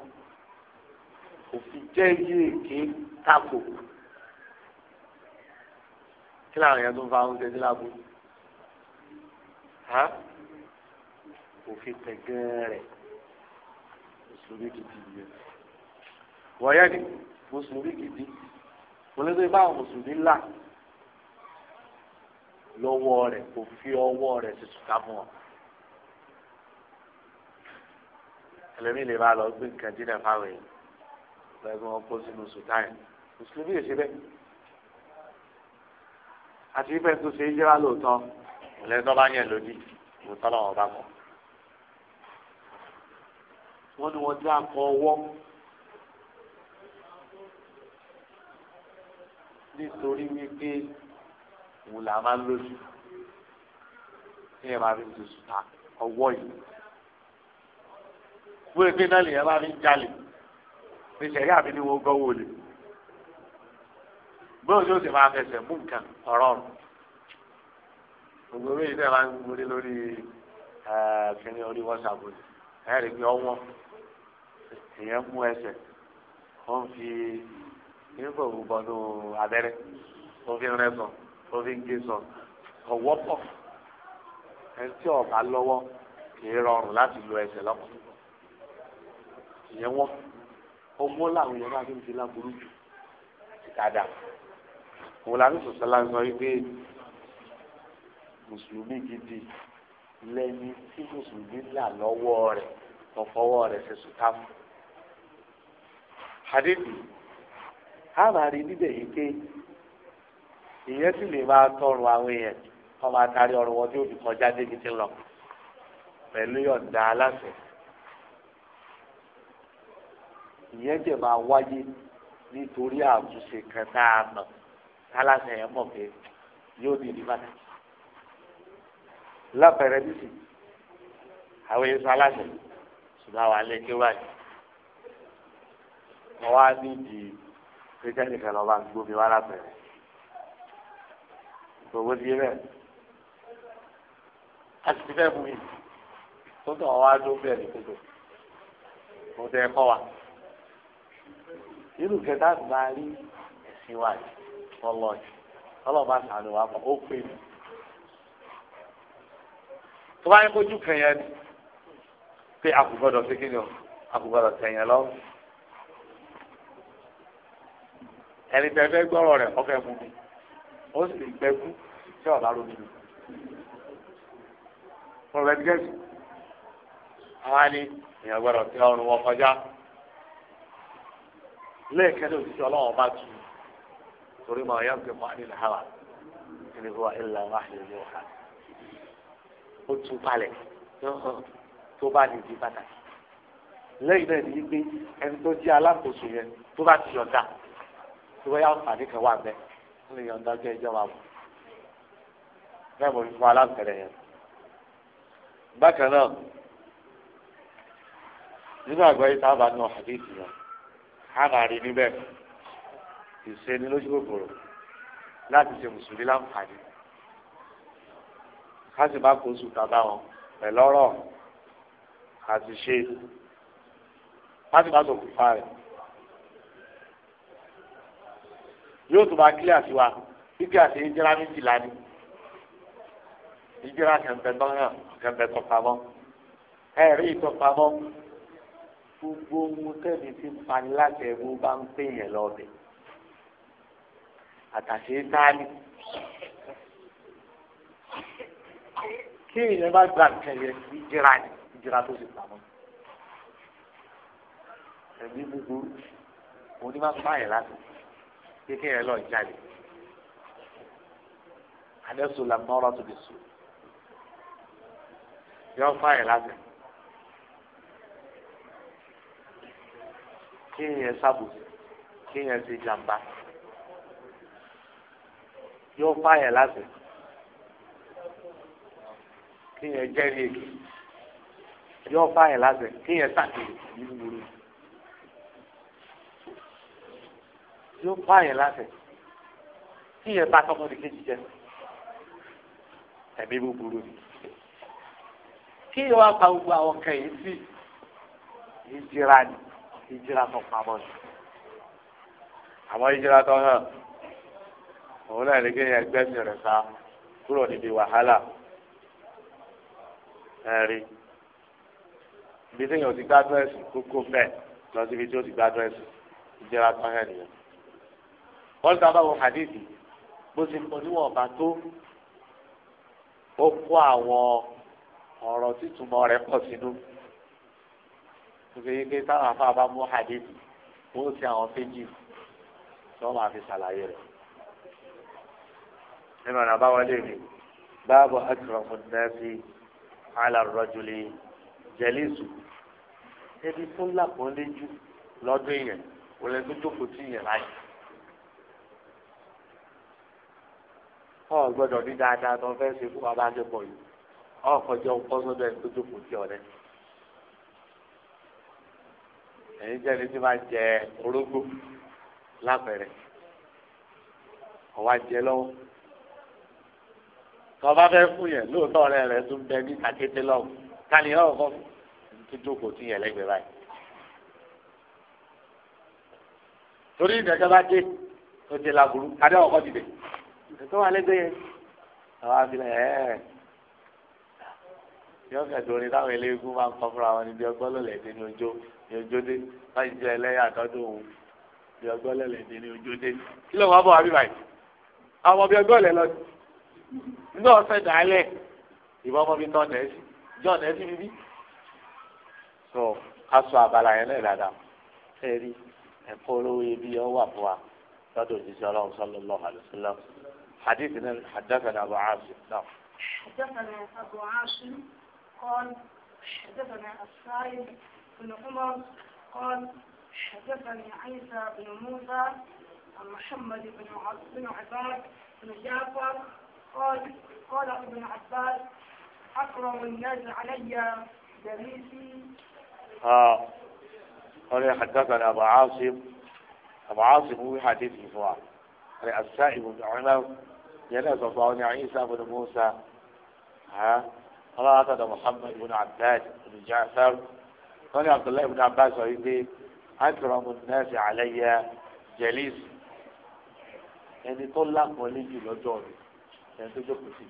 kò fi jẹ́ iye èké tako kí làwọn èèyàn tó ń fa oúnjẹ sí lágbo kò fi tẹ̀gẹ́ rẹ̀ mùsùlùmí gidi yẹn wọ́n yẹ́ ni mùsùlùmí gidi mọlẹ́tọ́ ibà mùsùlùmí ńlá lọ́wọ́ rẹ̀ kò fi ọwọ́ rẹ̀ tuntun ká mọ́ ẹlẹ́mìí lè bá lọ gbé nǹkan dínà fáwọn èèyàn lọ́gbọ́n wọn kó sínú sùtáì mùsùlùmí yìí ṣe bẹ́ẹ̀ àti ibẹ̀ tó ṣe é jẹ́ra lóòótọ́ mọlẹ́tọ́ bá yẹn lódì òótọ́ làwọn bá mọ̀ wọ́n ní wọ́n dá akọ ọwọ́. nítorí wípé òun là máa ń lójú ní ẹ máa fi tutù ta ọwọ́ yìí wọ́n èké náà lè yẹ máa fi jalè ní sẹ́yìn àbí ni wọ́n gọ́wọ́ lè bóyá yóò sì máa fẹsẹ̀ mú nǹkan ọ̀rọ̀ rùn gbogbo orí ìdá máa ń gbóni lórí eh, kíni orí wọ́sàpù ẹ̀rí pé ọwọ́ èèyàn mú ẹsẹ̀ wọ́n fi yìí kò wù bọ́nú abẹ́rẹ́ òfin rẹ sàn òfin gé sàn ọ̀wọ́ pọ̀ ẹni tí ọ̀bá lọ́wọ́ kì í rọrùn láti lo ẹsẹ̀ lọ́pọ̀ ìyẹn wọ́n owó làwọn èèyàn bá fi ń fi láburú jù àti dáadáa òun làwọn sọ̀sọ́ la sọ wípé mùsùlùmí gidi lẹ́ni tí mùsùlùmí là lọ́wọ́ rẹ̀ ọ̀fọwọ́ rẹ̀ ṣe sùtáfù. hadithi á máa rí níbẹ̀ yìí pé ìyẹn sì lè máa tọrọ àwọn èèyàn kọ́ máa tarí ọrọ̀ wọn tí ó fi kọjá débi tí ń lọ pẹ̀lú yọ̀ǹda aláṣẹ. ìyẹn jẹ́ máa wáyé nítorí àtúnṣe kan tá a mọ̀ aláṣẹ yẹn mọ̀ pé yóò di ìdí pàtàkì. lápẹẹrẹ nísì àwọn èso aláṣẹ ṣùgbọ́n àwọn alẹ́ kéwàá yìí wọ́n wá nídìí kírísítẹ́nì kan lọ́ba ń gbómi wá lápẹ̀rẹ̀ gbogbo di bẹ́ẹ̀ a sì ti fẹ́ mú mi tó tọ̀ wá ló bẹ́ẹ̀ ní kókò mo tẹ́ ẹ kọ́ wa irú kẹta gba rí ẹ̀sìn wa yìí ọlọ́ọ̀jì ọlọ́ọ̀bá sàánú wa mọ̀ ó pè mí tó bá yẹ kójú kẹyẹ ni pé a kò gbọdọ̀ ṣe kí ni o a kò gbọdọ̀ tẹ̀yẹ lọ́wọ́. ẹni tẹ fẹ́ gbọ́rọ̀ rẹ̀ ọfẹ mú mi ó sì gbẹ kú tí ọba ló mi lò ọ̀rọ̀ ẹni gẹ̀ẹ́sì àwa ni èèyàn gbọ́dọ̀ tẹ ọrùn wọn kọjá lẹ́ẹ̀kẹ́ ní òṣìṣẹ́ ọlọ́wọ́n bá tu torí ma ọ̀yá nǹkan fún àdìlẹ̀ hàwà ẹni fún wa ẹ̀là wà ní ìlú ọ̀hà ó tu palẹ̀ tó bá nìdí pàtàkì lẹ́yìn náà ní gbé ẹni tó jẹ́ alákòóso yẹn tó bá ti yọ̀ǹda wọ́n yà àǹfààní kan wà bẹ́ẹ̀ wọ́n lè yọ̀ǹda ọjọ́ ìjọba wò bẹ́ẹ̀ mo fi fún aláǹtẹ̀rẹ̀ yẹn. bákan náà nínú àgbáyé tá a bá nu àdéhùn yẹn a máa rí níbẹ̀ ìṣeni lójú kòkòrò láti ṣe mùsùlùmí láǹfààní ká sì má kó sùn tàbá wọn pẹ̀lú ọ̀rọ̀ àti ṣe láti má sọ kùfà yóò tún máa kílẹ̀ àti wa títí àti ìjìrá méjìlá ni ìjìrá kẹ̀mbẹ́ tọ́hàn kẹ̀mbẹ́ tọ́pamọ́ ẹ̀rí ìtọ́pamọ́ gbogbo ohun tẹ́bi ti ń pani láti ẹ̀wọ́ bá ń pè yẹn lọ́ọ̀dẹ̀ àtàṣe táàlì kí èèyàn bá gba nǹkan yẹn ìjìrá ni ìjìrá tó ti pamọ́ ẹ̀mí gbogbo onímọ̀ báyìí láti kékeré yẹn lọ jáde adẹ́sùn la mọ́ra tó lè sùn yọ fáyẹ̀ lásẹ̀ kéèyàn yẹn sábòsí kéèyàn ṣe jàmbá yọ fáyẹ̀ lásẹ̀ kéèyàn jẹ́rìí èké yọ fáyẹ̀ lásẹ̀ kéèyàn sàkèrè nínú gbòòrò. yóò pààyàn láti tí yẹn bá tọmọdé kejì jẹ ẹ̀mí búburú ni kí yẹn wá pa gbogbo àwọn kẹyìn sí ìjìra ni ìjìra tó pamọ́ ni àwọn ìjìra tó hàn òun náà ní kéèyàn gbẹ́sìn rẹ̀ sá kúrò níbi wàhálà ẹ̀rí ibi tí yẹn ò ti gbádùn ẹ̀sìn kókó bẹ́ẹ̀ lọ síbi tí ó ti gbádùn ẹ̀sìn ìjìra tó hàn nìyẹn wọ́n ta bá wọ hadithi bó ti kọ níwọ̀n ọba tó ó kó àwọn ọ̀rọ̀ títúmọ̀ rẹ̀ pọ̀ sínú. nítorí pé táwọn afá bá mú hadithi wọ́n ti àwọn péjì tí wọ́n máa fi ṣàlàyé rẹ̀. nínú ọ̀nà àbáwọlé mi báàbò akérèmọ nẹ́ẹ̀sì alárọ̀jùlẹ̀ jẹ́lísù ẹni tó lápọ̀ léjú lọ́dún yẹn wọlé tó jókòó tì yẹn láyé. ọ gbọ́dọ̀ ní dáadáa tó fẹ́ ṣe fún bàbá àjẹpọ̀ yìí ọ kọjọ kọsọdọ ẹni tó jókòó tí ọ̀rẹ́ ẹ̀yin jẹ ẹni tí máa jẹ orógbó lápẹrẹ ọwọ́ àjẹ lọ́wọ́ tọba fẹ́ fún yẹn lóòótọ́ ọ̀rẹ́ rẹ tún bẹ ní takété lọ́wọ́ kálí ọ kọ tó jókòó tí yẹn lẹ́gbẹ̀ẹ́ báyìí torí ìdẹjọba dé tó dé láburú kálí ọkọ dìde tó wà lẹ́gbẹ̀ẹ́ yẹn àwọn abilẹ̀ ẹ̀ yọ kẹtù orin táwọn eléégún máa ń kọ fúnra wọn ni bí ọgbọ́n lọ́lẹ̀ dé ní ojó ní ojó dé láti jẹ ẹlẹ́yà àtọ́dún òun bí ọgbọ́n lọ́lẹ̀ dé ní ojó dé kí ló wá bọ̀ wá bíbáyìí àwọn ọmọ bí ọgbọ́n lẹ̀ lọ nígbà ọ̀sẹ̀ dàálẹ̀ ìbọn ọmọ bí tọ́ nẹ́ẹ̀sì jọ nẹ́ẹ̀sì bíbí. sọ aṣọ àbàlà yẹn náà dáadáa ẹ rí ẹ̀kọ́ olówó ibi ọ wà fún wa lọ́dọ̀ òjíṣẹ́ ọlọ́run sọ́lọ́lọ́ حديثنا حدثنا أبو عاصم نعم حدثنا أبو عاصم قال حدثنا السائب بن عمر قال حدثني عيسى بن موسى عن محمد بن بن عباد بن جعفر قال قال ابن عباس أكرم الناس علي جليسي آه قال حدثنا أبو عاصم أبو عاصم هو حديث الفوار السائب بن عمر yẹn náà sọ fún àwọn ní Isa ibn Musa ọlọ́run àtàdà Muhammad بن Abdad ibn Ja'far wọ́n ní Abdullahi ibn Abbas sọ wípé akramu an-nasi alayya jalis ẹni tó lápọ̀lé jù lọ́jọ́ rẹ̀ ẹni tó jókòó sí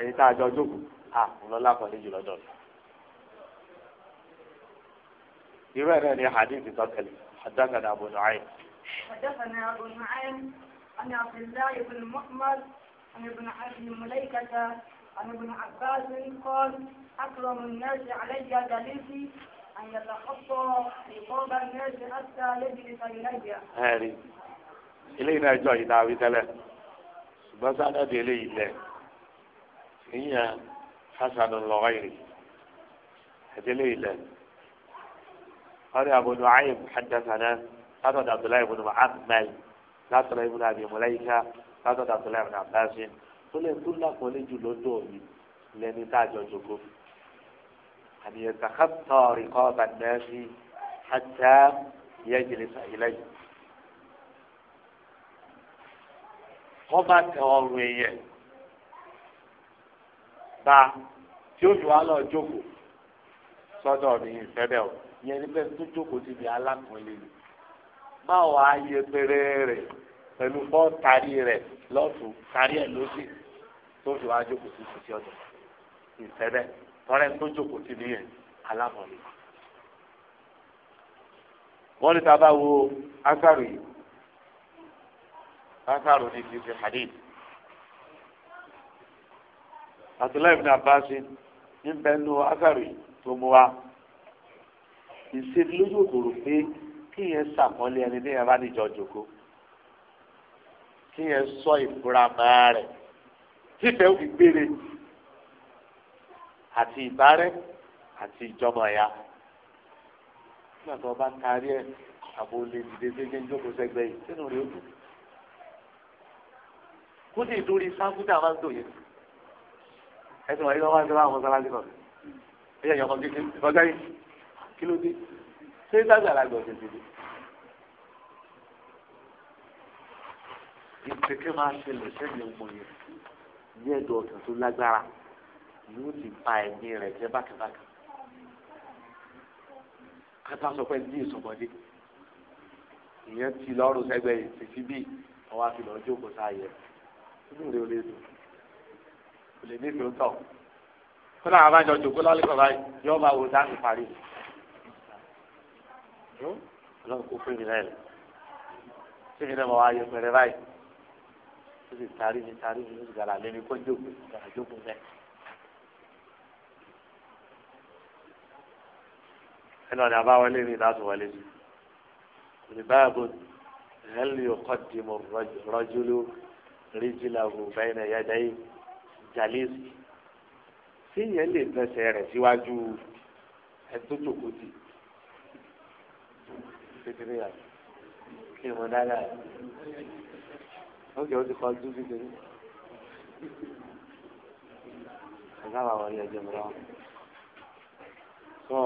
ẹni tá a jọ jókòó à ń lọ lápọ̀lé jù lọ́jọ́ rẹ̀. irú ẹ̀rẹ́ ni hadith tó tẹ̀lé حدثنا أبو نعيم حدثنا أبو نعيم عن عبد الله بن محمد عن ابن ابي مليكة عن ابن عباس قال أكرم الناس علي جليسي أن يتخطى رقاب الناس حتى يجلس إلي. هذه إلينا جاي داوي تلا بس أنا دليل هي حسن لغيري دليل قال أبو نعيم حدثنا أبد عبد الله بن محمد látọ̀rọ̀ ibùdó àbí mọ̀láyíká látọ̀dọ̀ àtọ̀lẹ́ àbí àbáṣe tó lè tó lápọ̀lé jù lọ́dọ̀ mi lẹ́ni tá a jọ jòkó. àníyàn sàkátọ̀ rìkọ́ bàdìmẹ́sì àjà yẹ́jìlì sàyílẹ́yìn. wọ́n bá tẹ ọrùn èèyàn bá tí ó fi wá lọ jókòó sọ́dọ̀ mi ìfẹ́ bẹ́ẹ̀ o ìyẹn ní bẹ́ẹ̀ tó jókòó síbi alákùnrin lè má wà á yẹ péré rẹ̀ pẹ̀lú bọ́ tari rẹ̀ lọ́tún tari ẹ̀ lọ́sì tó fi wá jókòó sí kùsì ọ̀dọ̀ ìfẹ́bẹ́ tọ́rẹ́ tó jókòó sí ní yẹn alámọ̀lẹ́. wọ́n ní ta bá wo asaru yìí asaru ní ti fi hadith àtúláì fún abáṣe ní bẹ́ẹ̀ nu asaru yìí tó mú wa ìṣèlú lójú òkòrò pé kíyẹn sàpọ́nlé ẹni tí yẹn bá níjọ jòkó kíyẹn sọ ìfura máa rẹ̀ tífẹ̀ òfin gbére àti ìbárẹ́ àti ìjọba ya nígbà tó o bá kárí ẹ àbò lè dìde gbégbé jókòó sẹ́gbẹ́ yìí sínú rẹ òkú kó sì dúró sáfúdà máa ń tò yẹn ẹsùn wáyé wọn wá sí wọn àwọn mọ́sálásí kan ẹ yẹ ọkọ kékeré ọjọ́ yìí kí ló dé ṣé sàgbàlagbà ọ̀sẹ̀ ti di. ìpèkè máa ṣẹlẹ̀ sẹ́yìn ọmọ yẹn ní ẹ̀dùn ọ̀sẹ̀ tó lágbára yóò ti ba ẹ̀mí rẹ̀ jẹ́ bákàbákà. kátà sọ pé ní ìsọmọdé ìyẹn ti lọ́rùn sẹ́gbẹ́ yìí ti fi bíi ọwọ́ àti lọ́ọ́ jókòó sáàyè inú rẹ̀ ò lè dùn kò lè ní ìfẹ́ tọ̀ kó náà àbájọ jòkó lálẹ́ kọ̀ọ̀bá yọ máa wò sáà parí. Hmm? ọlọ́run kò fún mi náà lọ sí mi náà mọ̀ wáyé pẹrẹ báyìí ó sì tarí mi tarí mi ó sì gàrà lé mi kó jókòó gàrà jókòó mẹ́. ẹnu ọ̀nà àbáwọlé mi láti wọlé sí i báàbò ẹ̀ẹ́lì ọkọ̀ dìmọ̀ rọ́júlú ríjìláwò bẹ́ẹ̀ náà yá dáyé jàlẹ́sì. síyẹn lè fẹsẹ̀ rẹ̀ síwájú ẹ̀ tó tòkó tì í kékeré yà kí ni mo dára yà ó kì í ó ti kọ́ ojú bí kékeré ẹ̀ka bá wọlé ẹ̀jẹ̀ mìíràn tó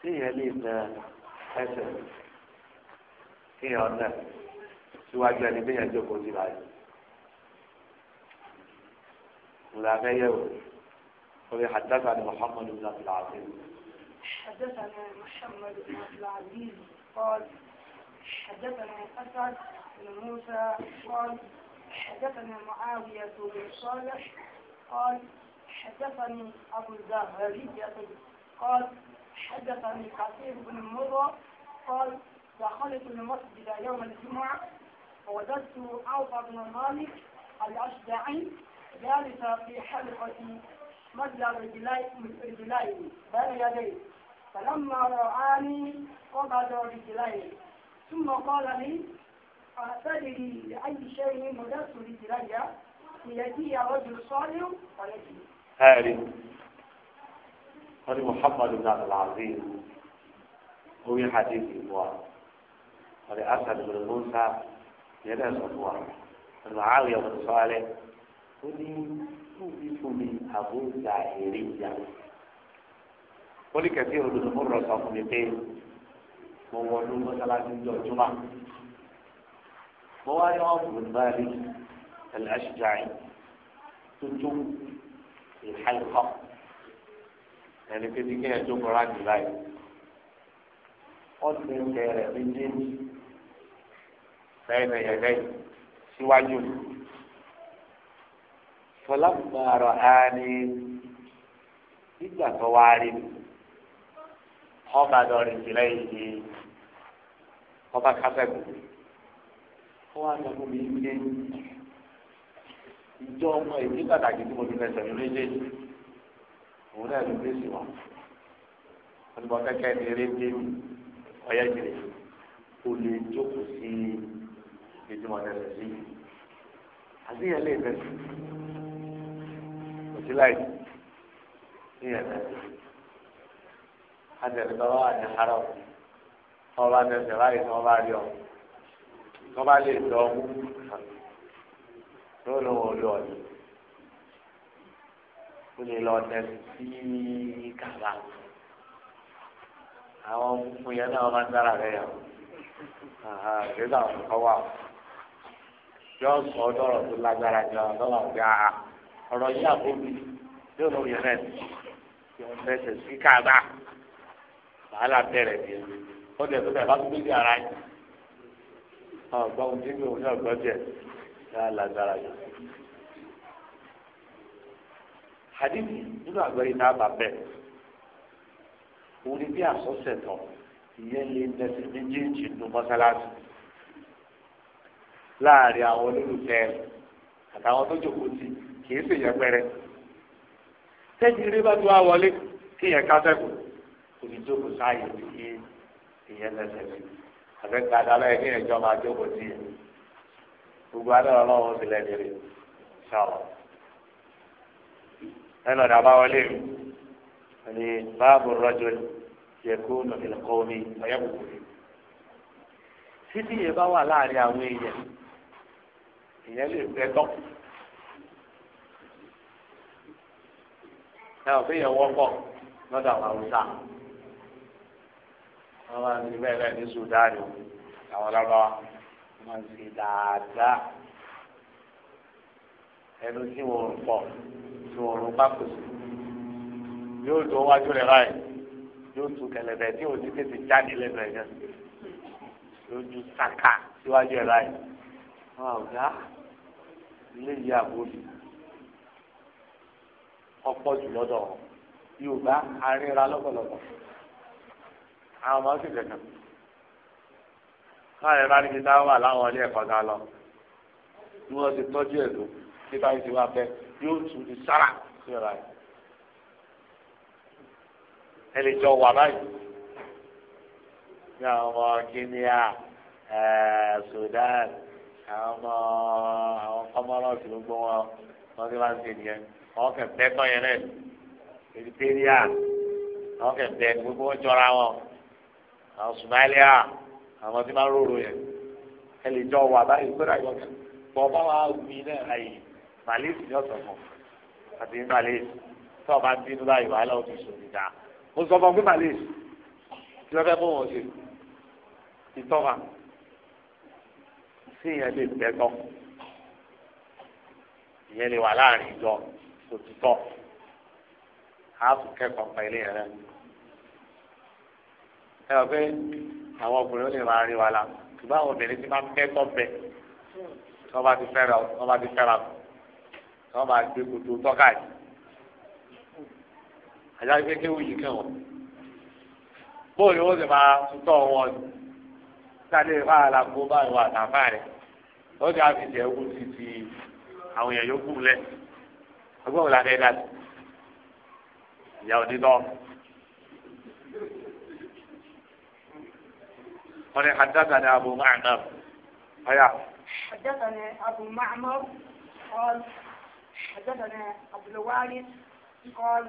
tí ìyẹn lè tẹ ẹsẹ̀ kí ìyẹn ọ̀tẹ̀ síwájú ẹni bí ìyẹn jókòó sí báyìí mo là fẹ́ yẹ̀ wò. قال حدثني محمد بن عبد العزيز حدثنا محمد بن عبد العزيز قال حدثنا أسعد بن موسى قال حدثنا معاوية بن صالح قال حدثني أبو الزهرية قال حدثني كثير بن مضى قال دخلت المسجد يوم الجمعة فوجدت عوف بن مالك الأشجعي جالسا في حلقة مجلى رجليه بين يديه فلما رعاني قبض رجليه ثم قال لي أعتذري لأي شيء مدرس رجلي ليجي رجل صالح فيجي. هاري هاري محمد بن عبد العزيز هو حديث إبوار هاري أسد بن موسى يدرس إبوار معاوية بن صالح túbífúnmi àbúzà èrè ìjà oníkẹ̀kẹ́ olùdókòwò rẹ̀ sọ fún mi pé mo wọnú mọ́sálásí ní ọjọ́mà mo wá yọ ọ̀bùn báyìí ẹ̀lẹ́sìdáì tuntun ìhàlùkọ́ ẹni pé bí kéèyàn jókòó láti báyìí ọ̀sẹ̀ ń bẹ̀rẹ̀ méjèèjì lẹ́yìn ẹ̀yẹ̀ lẹ́yìn síwájú mi fọláfùmọ àrọ àní nígbà tó wá rí mi ọba dọrin sí lẹ́yìn ní ọba kábẹ́kù ó wá sọ fún mi pé ìjọ ọmọ ìdí pàtàkì tí mo ti fẹsẹ̀ mi méjèèjì òun náà ló fèsì wá olùbọ̀ kẹ́kẹ́ ni eré dé mi ọ̀yẹ́ jìnnà o lè jókòó sí ìdí mọ̀tẹ́sẹ̀ sí àti ìyẹn lè fẹsẹ̀ sí láì sí yẹn náà adẹ̀rẹ̀ tọ́wọ́ wà ní ọba tẹsẹ̀ láì ní ọba rí ọ tọ́ba lè dọ́ yóò lọ wọ lọ ni ó lè lọ tẹsí sí kàlá àwọn fún yẹn náà máa ń dára rẹ yàn ṣé táwọn kọ́ wà yọ sọ ọ́ dọ̀rọ̀ tó lágbára jọ ọ́ dọ́là ọ̀gá ọ̀rọ̀ yìí àkóbi yóò lọ yẹn rẹ̀ yóò fẹsẹ̀ sí káàbà wàhálà bẹ̀rẹ̀ bí ó dẹ̀ tó bẹ̀ bá tó gbégbé ara yìí ọ̀gbọ́n ohun tí mi ò ní ọ̀gbọ́n jẹ yàrá lágbára yìí. hadithi nínú àgbẹ̀ yìí náà bà bẹ́ẹ̀ òun ni bí àsọ̀sẹ̀ tán ìyẹn lè tẹ̀sí méjèèjì nínú mọ́sálásí láàrin àwọn olólùfẹ́ àtàwọn tó jòkó sí i. kì í sì yẹ pẹrẹ tẹ́jú rí bá tó wá wọlé kí yẹn ká sẹ́kù kò ní jókòó sáàyè tí ìyẹn lẹ́sẹ̀ sí àbẹ́ gbàdá lọ́yẹ kí yẹn jọ máa jókòó sí yẹn gbogbo adọ́rọ̀ rí sọ̀rọ̀ wọlé ẹni báàbù yẹ kó kò kúrò títí bá wà láàrin àwọn èèyàn ìyẹn lè fẹ́ ẹ ò yẹn wọ́pọ̀ lọ́dọ̀ àwọn haúsá wọ́n máa ń bẹ́ẹ̀ bẹ́ẹ̀ ní sudani àwọn lọ́lọ́wọ́ wọ́n máa ń ṣe dáadáa ẹnu tí wọ́n ń pọ̀ tí wọ́n ń bá kò yóò tó wájú rẹ̀ báyìí yóò tu kẹlẹ̀bẹ̀ tí ò ní tètè jáde lẹ́nu ẹ̀ yẹn lójú saka síwájú ẹ̀ báyìí wọ́n á gbá ah, ilé yìí àbórí ọ̀pọ̀ jù lọ́dọ̀ yorùbá arínra lọ́pọ̀lọpọ̀ àwọn ọmọ sì kẹ̀kẹ́ káyọ̀ bá níbi táwọn wà láwọn ilé ẹ̀kọ́ ta lọ bí wọ́n ti tọ́jú ẹ̀ tó bí báyìí ti wá bẹ́ yóò tù ní sára sí ọ̀rá yìí ẹ jọ wà báyìí ní àwọn ọmọ eh, Sudan àwọn ọmọ àwọn gbogbo wọn wọn ti máa ń ṣe nìyẹn ọkẹ bẹ tọ yẹn náà eritrea ọkẹ bẹ gbogbo wọn jọra wọn àwọn Somalia àwọn tí máa róró yẹn ẹ lè jọ wà báyìí kódà yọ kẹ bọ bá wa wí náà àyè Malaysia ní ọ̀sán kan àti Malaysia tí wọn bá ń bínú báyìí wàhálà òbí sòmí dáa mo sọ fún ọ pé Malaysia wọn fẹ́ bọ wọn ṣe ìtọ́ka sí ìyẹn lè bẹ tán ìyẹn lè wà láàrin ìjọ kò a tún kẹ́kọ̀ọ́ pẹ̀lú rẹ̀ ẹ wọ pé àwọn ọkùnrin ó lè máa rí wa la ṣùgbọ́n àwọn obìnrin ti máa ń kẹ́kọ̀ọ́ bẹ̀ tí wọ́n bá ti fẹ́ra tí wọ́n bá ti fẹ́ra tí wọ́n bá gbé kòtò tọ́ka yìí àjá gbé kéwù yìí kàn wọ́n bóòlù ó sì máa tutọ́ wọn sáré fà á báyìí wà tàfà rẹ̀ ó sì á fi jẹ́ ewu títí àwọn èèyàn yókù lẹ́sìn. أقول wòlá dé يا ìyá òní قال حدثنا أبو معمر هيا حدثنا أبو معمر قال حدثنا عبد الوارث قال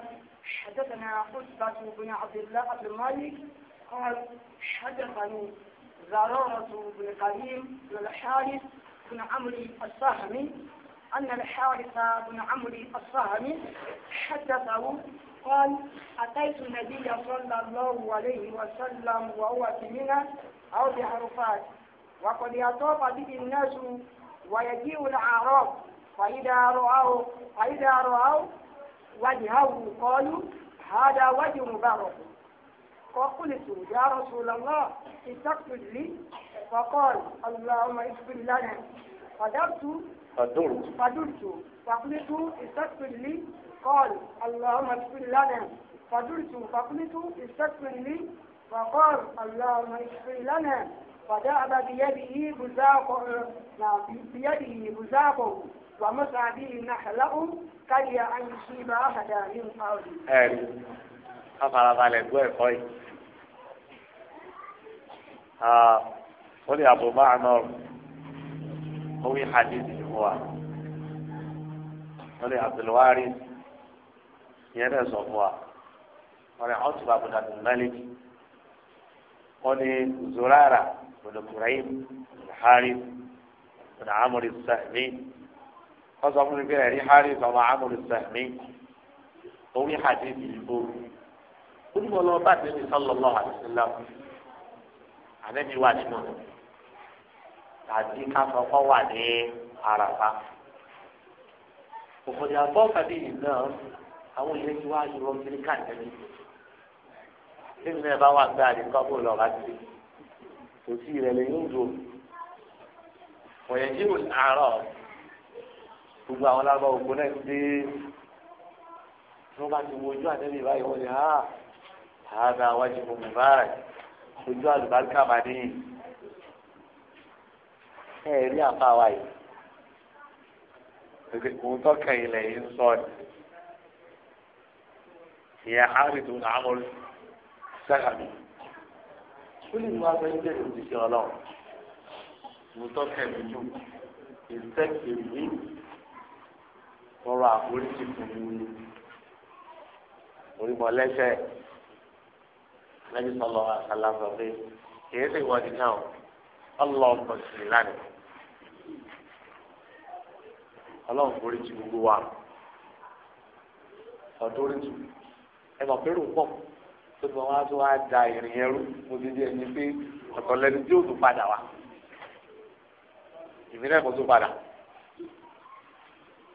حدثنا قتبة بن عبد الله بن مالك قال حدثني زرارة بن كريم بن الحارث بن عمرو السهمي أن الحارث بن عمرو الصهمي حدثه قال أتيت النبي صلى الله عليه وسلم وهو في منى أو بعرفات وقد يطاف به الناس ويجيء الأعراب فإذا رأوا فإذا رأوا وجهه قالوا هذا وجه مبارك فقلت يا رسول الله استغفر لي فقال اللهم اغفر لنا فدرت فدرت فدرت فقلت استغفر لي قال اللهم اغفر لنا فدرت فقلت استغفر لي فقال اللهم اغفر لنا فذهب بيده بزاق بيده بزاقه ومسع به نحله كي أن يصيب أحدا من أرضه. أفعل ذلك ويقول قل يا أبو معمر orí hadith ni mo wà wọ́n lè abdulwari yẹn náà sọ fún wa wọ́n lè ọtún bá bùnà mẹ́lì wọ́n lè zurara bùnà kùrẹ́yìn bùnà hàrí bùnà amúrí sàmì wọ́n sọ fún mi pé ẹ̀rí hàrí sọ̀rọ̀ amúrí sàmì orí hadith ni mo olùkọ́ lọ́ọ́ bá tẹ̀lé sọ́lọ́lọ́ àdìsílámù àbẹ́ni wà nínú rẹ̀ tàbí kásọkọ wà ní àràfà òfòdì àbọ̀ kàbí yìí náà àwọn èèyàn ti wá yọrọ kiri káàkiri nínú ẹ bá wà gbé àdìgbò bò lọ bá ti kò sí ìrẹ̀lẹ̀ yóò dùn òyìnbí wò àárọ̀ gbogbo àwọn alábọ̀ òkú náà ti dé wọn bá ti wo ojú àtẹ́bí báyìí wọ́n ní ha ah, àádọ́ àwájú fún mi ojú àlùbáríkà máa níyì ẹ rí àfáwá yìí tètè òun tọkẹ ilẹ̀ yìí ń sọ ni ìyá àárín tó nà ámọ́rí sàkàmì ó lè wá sọ ilé ìlú ìṣe ọlọ́run òun tọkẹ mi jù ìtẹ́kì mi ọ̀rọ̀ àforíjì fún mi orí mọ lẹ́sẹ̀ lẹ́yìn sọlọ àkàlà sọ pé kì ṣe ìwọ nìkan ọlọ́ọ̀kan sì lánàá ọlọ́run forí ti gbogbo wa ọdún orí tu ẹ mọ̀ pé rògbò tó ti wọn tó wá da ìrìn yẹn rú mo ti di ẹni pé ọ̀tọ̀ lẹni tí yóò tún padà wá ìmíràn kò tún padà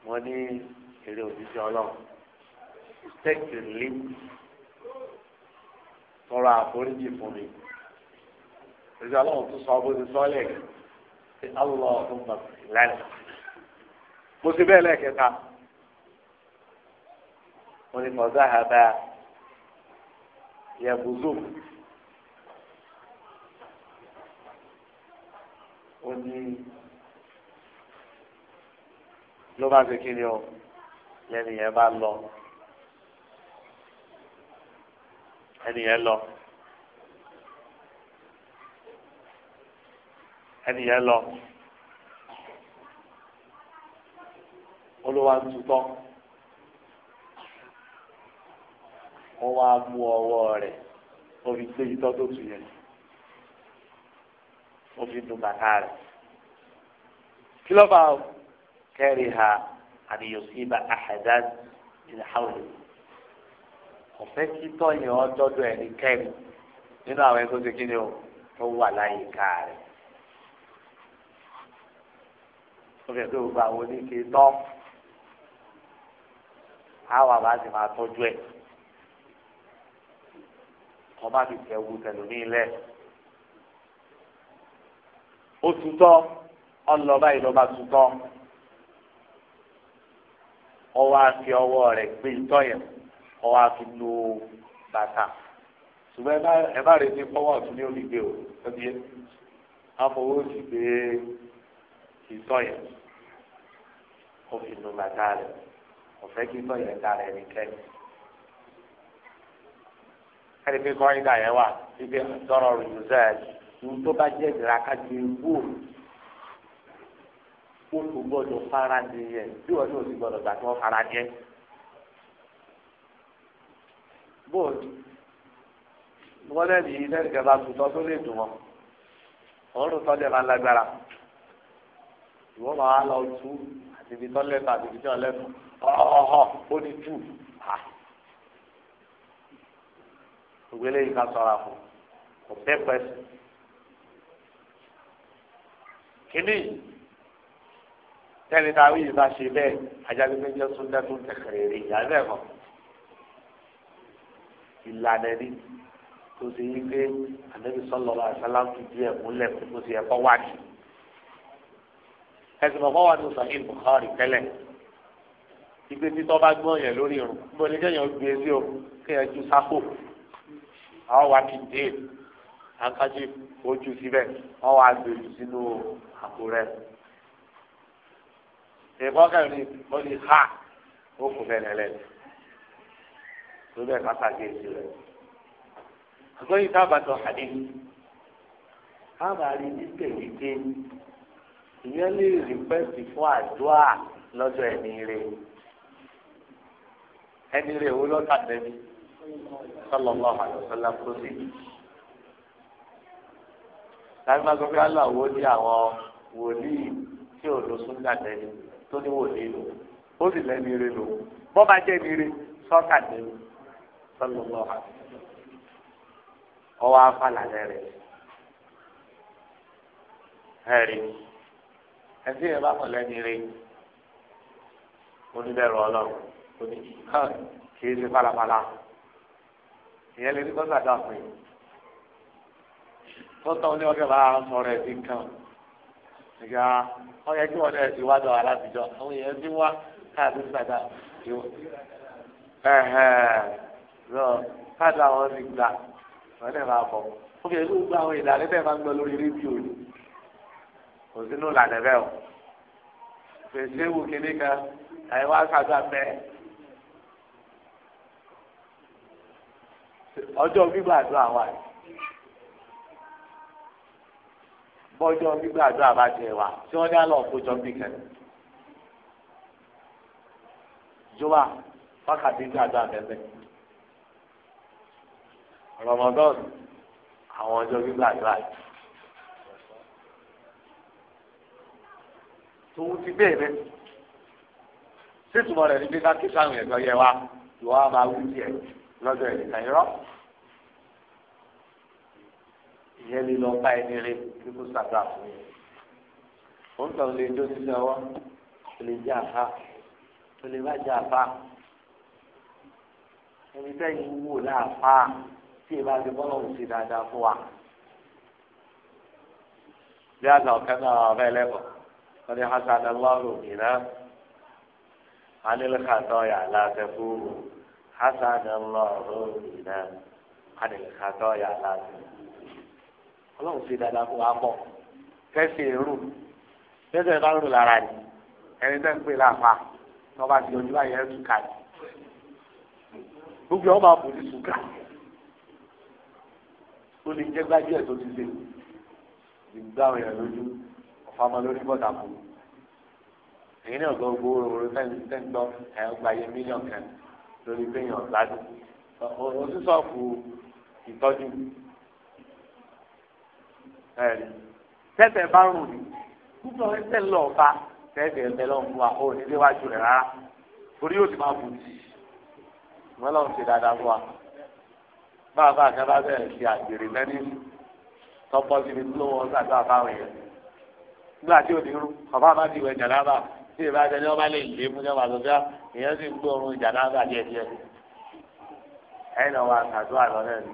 wọn ní èrè òjijì ọlọ́run tẹ́kì lé tọrọ àforíjì fún mi ìjọ ọlọ́run tún sọ bó ti sọ lẹ́ẹ̀kì ṣe alùpùpù ọ̀tún bàbá lẹ́nu mo ti bẹ́ẹ̀ lẹ́ẹ̀kẹta mo ní mọ̀ọ́sá àbá yẹ̀bùzù ó ní ló bá ṣe kí ni o yẹn nìyẹn bá lọ ẹnìyẹn lọ ẹnìyẹn lọ. olówó àtúntọ́ wọ́n wá mú ọwọ́ rẹ̀ orí gbé tó tù yẹn ó fi nu bàtà rẹ̀ kí ló bá kẹ́rì ha àdìyọ̀síba àhàdán ìlà hàwùlẹ̀ ọ̀fẹ́ títọ́ yẹn ọjọ́dọ̀ ẹni kẹ́rì nínú àwọn ẹgbẹ́ tó kíni o tó wà láyé ká rẹ̀ ó fẹ́ tó gba àwọn oníke tán àwọn àbá sì máa tọ́jú ẹ̀ wọ́n bá fi tẹ̀ wu tẹ̀lómi lẹ̀ ó tutọ́ ọlọ́ba ìlọba tutọ́ ọwọ́ àfi ọwọ́ rẹ̀ gbé itọ́ yẹn ọwọ́ àfi lo bàtà ṣùgbọ́n ẹ bá retí pọ́wọ́ ọ̀tún ní olùgbé o lọ́dí yẹn afọwọ́ sì gbé itọ́ yẹn ó fi nu bàtà rẹ̀ kò fẹ́ kí gbọ́ ìrẹ́ta rẹ̀ nìkẹ́ni. ẹni pé kọ́ ìdá yẹn wà ibi tọrọ rìmùsẹ́ ní tó bá jẹ́ ìdíra kájú ikú o kò gbọ́dọ̀ fara di yẹ bí wọ́n yóò ti gbọ́dọ̀ gbà tí wọ́n fara jẹ́. bóòdù wọ́n lẹ́nu yìí lẹ́nu kẹfà tutọ́ tó lè dùn wọn òórùn tọ́lẹ̀ máa lágbára ìwọ́n máa lọ tú àti ibi tọ́lẹ̀ tó àti ibi tí wọ́n lẹ́nu ọ̀họ̀họ̀ ó di tù ha gbogbo eléyìí ká sọ̀rọ̀ àpò kò bẹ́ pẹ́sì. kínní tẹ́lẹ̀ tá a wí yìí bá ṣe bẹ́ẹ̀ ajáde pé jẹ́ súnjẹ́ tó ń tẹ̀kẹ̀rẹ̀ rí ìyá bẹ́ẹ̀ kọ́ ìlànà ni tó ṣe yí pé ànábi sọlọ lọ àṣàlá fi díẹ̀ múlẹ̀ kó ṣe ẹ̀kọ́ wájú. ẹ̀sìn mọ̀kọ́ wà ní sọ̀hìn Bukhari tẹ́lẹ̀ ìgbé títọ́ bá gbọ́n yẹn lórí irun bó ní kéèyàn gbé e sí o kéèyàn ju sápò àwọn wà kí dé àkájí ojú síbẹ̀ wọ́n wà gbé jù e sínú àpò rẹ̀. ìbọn kẹrin mo ní ha ó kò fẹ́ lẹ́lẹ́ lórí ẹ̀ka pàdé èsì rẹ̀. àgbẹ̀yìn sábàtọ̀ àdé káàbàárì níbẹ̀ wípé ìyẹn lè rìpẹ́ẹ̀tì fún àdúrà lọ́dọ̀ ẹ̀mí rẹ̀ ẹni rẹ̀ wo lọ́ta tẹ̀mí sallallahu alaihi wasallam kò sí. láti máa sọ pé aláwo ní àwọn wòlíì tí ò lọ sún dàtẹ́ ni tó ní wòlíì lò ó sì lẹ́ni rẹ̀ lò bọ́ bá jẹ́ ni rẹ̀ sọ́kà tẹ̀mí sallallahu alaihi wasallam. ọwọ́ afálàlẹ́ rẹ̀ ẹ̀rí ẹ̀sìn ẹ̀ bá mọ̀ lẹ́ni rẹ̀ oníbẹ̀rù ọlọ́run kò kì í ṣe falafala ìyẹn lè ní kó sàdá pé tó tán ní ọkẹ́ bá sọ̀rọ̀ ẹ̀dín kan ìyá ọyẹ kí wọn ẹ̀sìn wá dọ̀ alábìjọ àwọn èèyàn ti wá káàdì sàdá ìwọ ẹ̀hẹ̀n lọ káàdì àwọn ti gbà wọn lè máa bọ̀ fúnkẹ́ ìlú gba àwọn ìlànà bẹ́ẹ̀ máa ń gbọ́ lórí rédíò ni kò sínú ìlànà bẹ́ẹ̀ o fèsì ewu kìnnìkan àyẹ̀wò àkàdúrà bẹ́ẹ̀. ọjọ́ gbígbàdúrà wà ní bọ́jọ́ gbígbàdúrà bá jẹ wà tí wọ́n ní àlọ́ kójọ bí kẹ́lẹ́ jọba wákàtí gbàdúrà bẹ́ẹ̀ Ramadan àwọn ọjọ́ gbígbàdúrà yìí. tòun ti bẹ́ẹ̀ bẹ́ẹ̀ rẹ̀ ní bí ká kí sáwọn ẹ̀dọ́ yẹ wa lọ́wọ́ máa wú díẹ̀ lọ́dọ̀ ẹ̀nìkan irọ́ ìyẹn lè lọ bá ẹni rẹ kíkú sàgbà fún yẹn ó ń tàn lè jó sílẹ̀ ọwọ́ ó lè jẹ́ àfa ó lè má jẹ́ àfa ẹni sẹ́yìn wò láàfa tí ìbá ti bọ́ lọ́wọ́ sí dáadáa fún wa. bí àgbà ọ̀kẹ́ náà ọ̀rẹ́ ẹlẹ́kọ̀ọ́ wọ́n ní hasan aláwọ̀ òmìnira anilkatọ́ yà látẹ̀kùrù. حسن الله بنا عن الخطايا العظيم ọlọ́run ṣe dáadáa fún wa pọ̀ kẹ́sì èrú kẹ́sì èrú ló lára ni ẹni tẹ́ ń pè láfa tó bá ti ojú báyìí ẹ̀ túkà ni gbogbo ọmọ àbò ní túkà ó lè jẹ́ gbájú ẹ̀ tó ti ṣe ìgbà òyìn lójú ọ̀fà ọmọ lórí bọ́tà fún un èyí ni ọ̀gá gbogbo orin tẹ́ ń gbọ́ ẹ̀ gba iye mílíọ̀nù kan lórí péyàn láti òṣìṣọ́ọ̀kù ìtọ́jú tẹ́tẹ̀ bá rùn ní púpọ̀ ẹsẹ̀ lọ bá tẹ́tẹ̀ ẹ̀fẹ́ fún wa ó ní rẹ̀ rárá torí yóò ti máa bù tì wọ́n lọ́n ṣe dáadáa fún wa báwa bá àgbà bẹ̀rẹ̀ ṣe àgbèrè lẹ́ni tọ́pọ̀ síbi tó wọ́n sàgbà fáwọn èèyàn nígbà tí ò ní rú ọ̀bá má ti wẹ̀ jàlábà tí ìbá tẹni ọba lè lé mú ní ọba tó ìyẹn sì ń gbé oorun ìjà náà gbà díẹ̀ díẹ̀ ẹ̀yìn náà wà sàdúrà lọ náà ni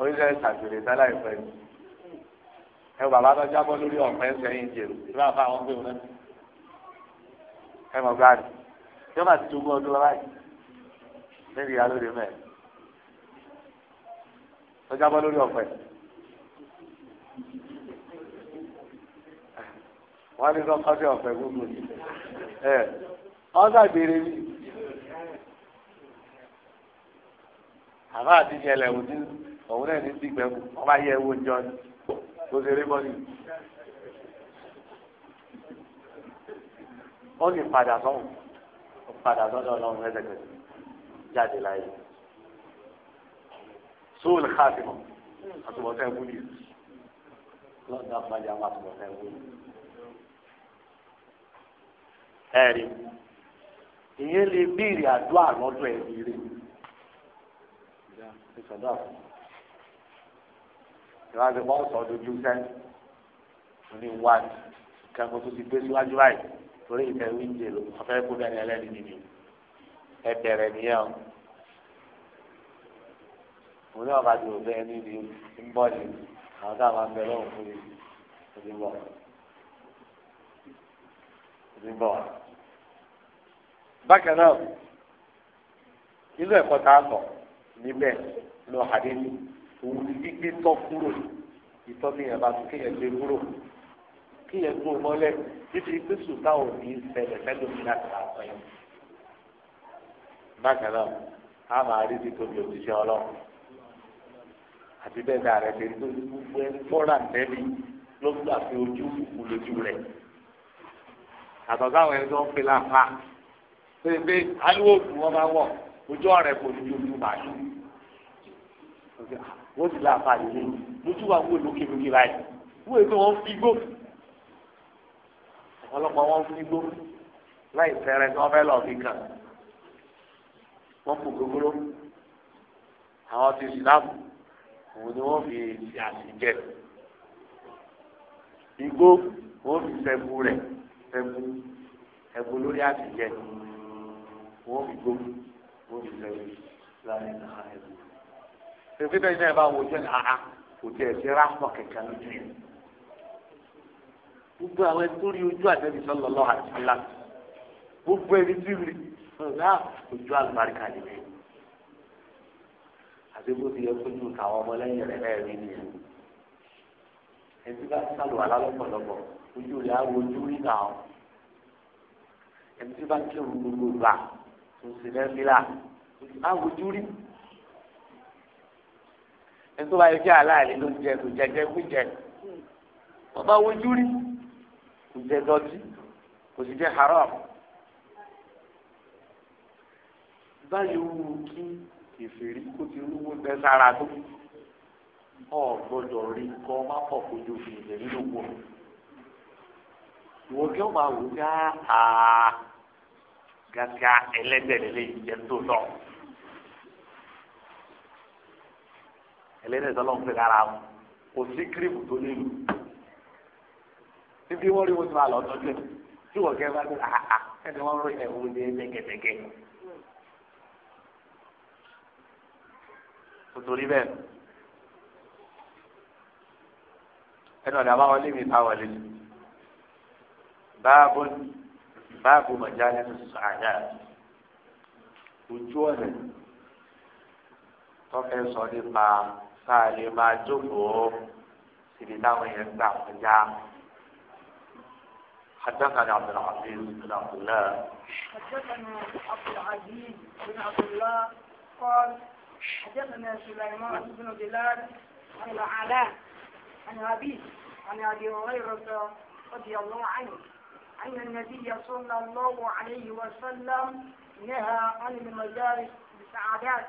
oríṣẹ́ ìsàgbèrè sálà ìfẹ́ ni ẹ bàbá tó jábọ́ lórí ọ̀pẹ́ sẹ́yìn jèrò ìbá fà wọ́n gbé wọn náà ẹ mọ̀ gbáàdì tí wọ́n bá ti dúró ọdún lọ́wọ́ yìí lórí ìyá lórí mẹ́ẹ̀ tó jábọ́ lórí ọ̀pẹ́ wọ́n ní sọ́kọ́ sí ọ̀fẹ́ gbogbo ni ẹ̀ wọ́n sàgbére mi. àbá àti ìṣẹ̀lẹ̀ òun ní òun náà ní sí gbẹ̀mú ọba yẹ ewu jọ ni kó ṣe rí bọ́ọ̀lì. wọ́n ní padà sọ́hùn padà sọ́dọ̀ ọlọ́run lẹ́sẹ̀kẹsẹ̀ jáde láyé. sóòlù káàtì àtúbọ̀tán ẹ̀kú yìí lọ́dún àpájà wọn àtúbọ̀tán ẹ̀kú yìí ẹ̀rí ìyẹn lè béèrè àdúrà lọ́dọ̀ ẹ̀rí rẹ̀ ìsọdọ̀ ìwádìí wọn sọ dojú sẹ́yìn ní wáàdì kẹ́kọ̀ọ́ tó ti gbé síwájú báyìí torí ìfẹ́ wíńdè ló ọ̀fẹ́ kó bẹ́ẹ̀ ni ẹlẹ́ni nìyí ẹ bẹ̀rẹ̀ nìyẹn o mo ní ọ̀gá tó bẹ́ẹ̀ ní ibi ń àwọn tá a máa ń bẹ lọ́wọ́ fún mi ìdí bọ̀ ìdí bọ̀ bákan náà nínú ẹ̀kọ́ tá a sọ níbẹ̀ lọ àdé ní òun ti gbígbé tọ́ kúrò ìtọ́ ní ìyàbá tó kéèyàn gbé kúrò kéèyàn gbó mọ́lẹ̀ títí pé sùtá ò ní ṣẹlẹ̀ fẹ́lómi láti àtọ́ yẹn. bákan náà a máa rí ti tóbi òṣìṣẹ́ ọlọ́run àti bẹ́ẹ̀ náà rẹ̀ lérí tó gbogbo ẹni fọ́ra nẹ́bí ló fi ojú ìkú lójú rẹ̀ àtọ̀sáwọn ẹni tó ń fi láǹfà pé pé aliwo ògùn wọn bá wọ ojú ọ̀rẹ́ kò ní ojú báyìí wọ́n ti láàfà yìí lójú wa wò lókèlókè báyìí wọ́n èso wọn fi gbó ọlọ́pàá wọn fi gbó láì fẹ́rẹ́ tí wọ́n fẹ́ lọ́ọ́ fi kàn wọ́n kò gbogbo àwọn ti sìlámù òun ni wọ́n fi ṣe àṣìjẹ igbó wọ́n fi ṣẹ́gun rẹ̀ ṣẹ́gun ẹ̀bùn lórí àṣìjẹ wọ́n fi gbó wọ́n fi sẹ́yìn láàrin náà ẹ̀rọ. ṣèṣe bẹ́ẹ̀ náà bá wo jẹ́ àá kò tiẹ̀ sí rápọ̀ kẹ̀kẹ́ lójú yẹn. gbogbo àwọn ẹni tó rí ojú àtẹ́bí sọ́lọ́ lọ́wọ́ àti ńlá gbogbo ẹni tí rí ọ̀gá ojú àlùbáríkà nìyẹn. àti bó ti yẹ kójú káwọn ọmọlẹ́yìn rẹ̀ náà rí nìyẹn. ẹni bá sálò alálọ́pọ̀lọpọ̀ ojú rẹ̀ á wo ojú rí náà ẹni tí bá ń tòsí lẹ́bílà àwùjú rí ẹni tó bá yẹ kí aláàlí ló jẹ kò jẹjẹ kó jẹ wọn bá wojú rí kò jẹ dọtí kò sì jẹ haram báyìí wù kí kẹfìrí kó ti rúgbó tẹ sára tó ọ gbọ́dọ̀ rí kọ má pọ kojú òfin ìjẹrí ló pọ ìwọ kí wọn máa wò ó dáa gàgà ẹlẹ́dẹ̀ lè jẹ́ tó lọ. ẹlẹ́dẹ̀ tọ́lọ́ ń pè lára wọn kò sí kírímù tó lé lu. níbi wọ́n rí wọn tó máa lọ tọ́jú ẹ̀ tí wọ́n kẹ́ bá dé àhà ah, ah, ẹni wọ́n rí ẹ̀wù ní ẹ̀ẹ́dẹ́gẹ́dẹ́gẹ́. nítorí bẹ́ẹ̀ ẹnu ọ̀dà àbáwọlé mi ta wọlé báàbò ni báàbù màjálẹ̀ ní sàádà ojú ọ̀nà tọ́fẹ́ sọ nípa sáà lè máa jókòó síbi táwọn yẹn gbà kọjá. حدثنا عبد العزيز بن عبد الله حدثنا عبد العزيز بن عبد الله قال حدثنا سليمان بن بلال عن العلاء عن أبيه عن أبي هريرة رضي الله عنه أن النبي صلى الله عليه وسلم نهى عن المجالس بسعادات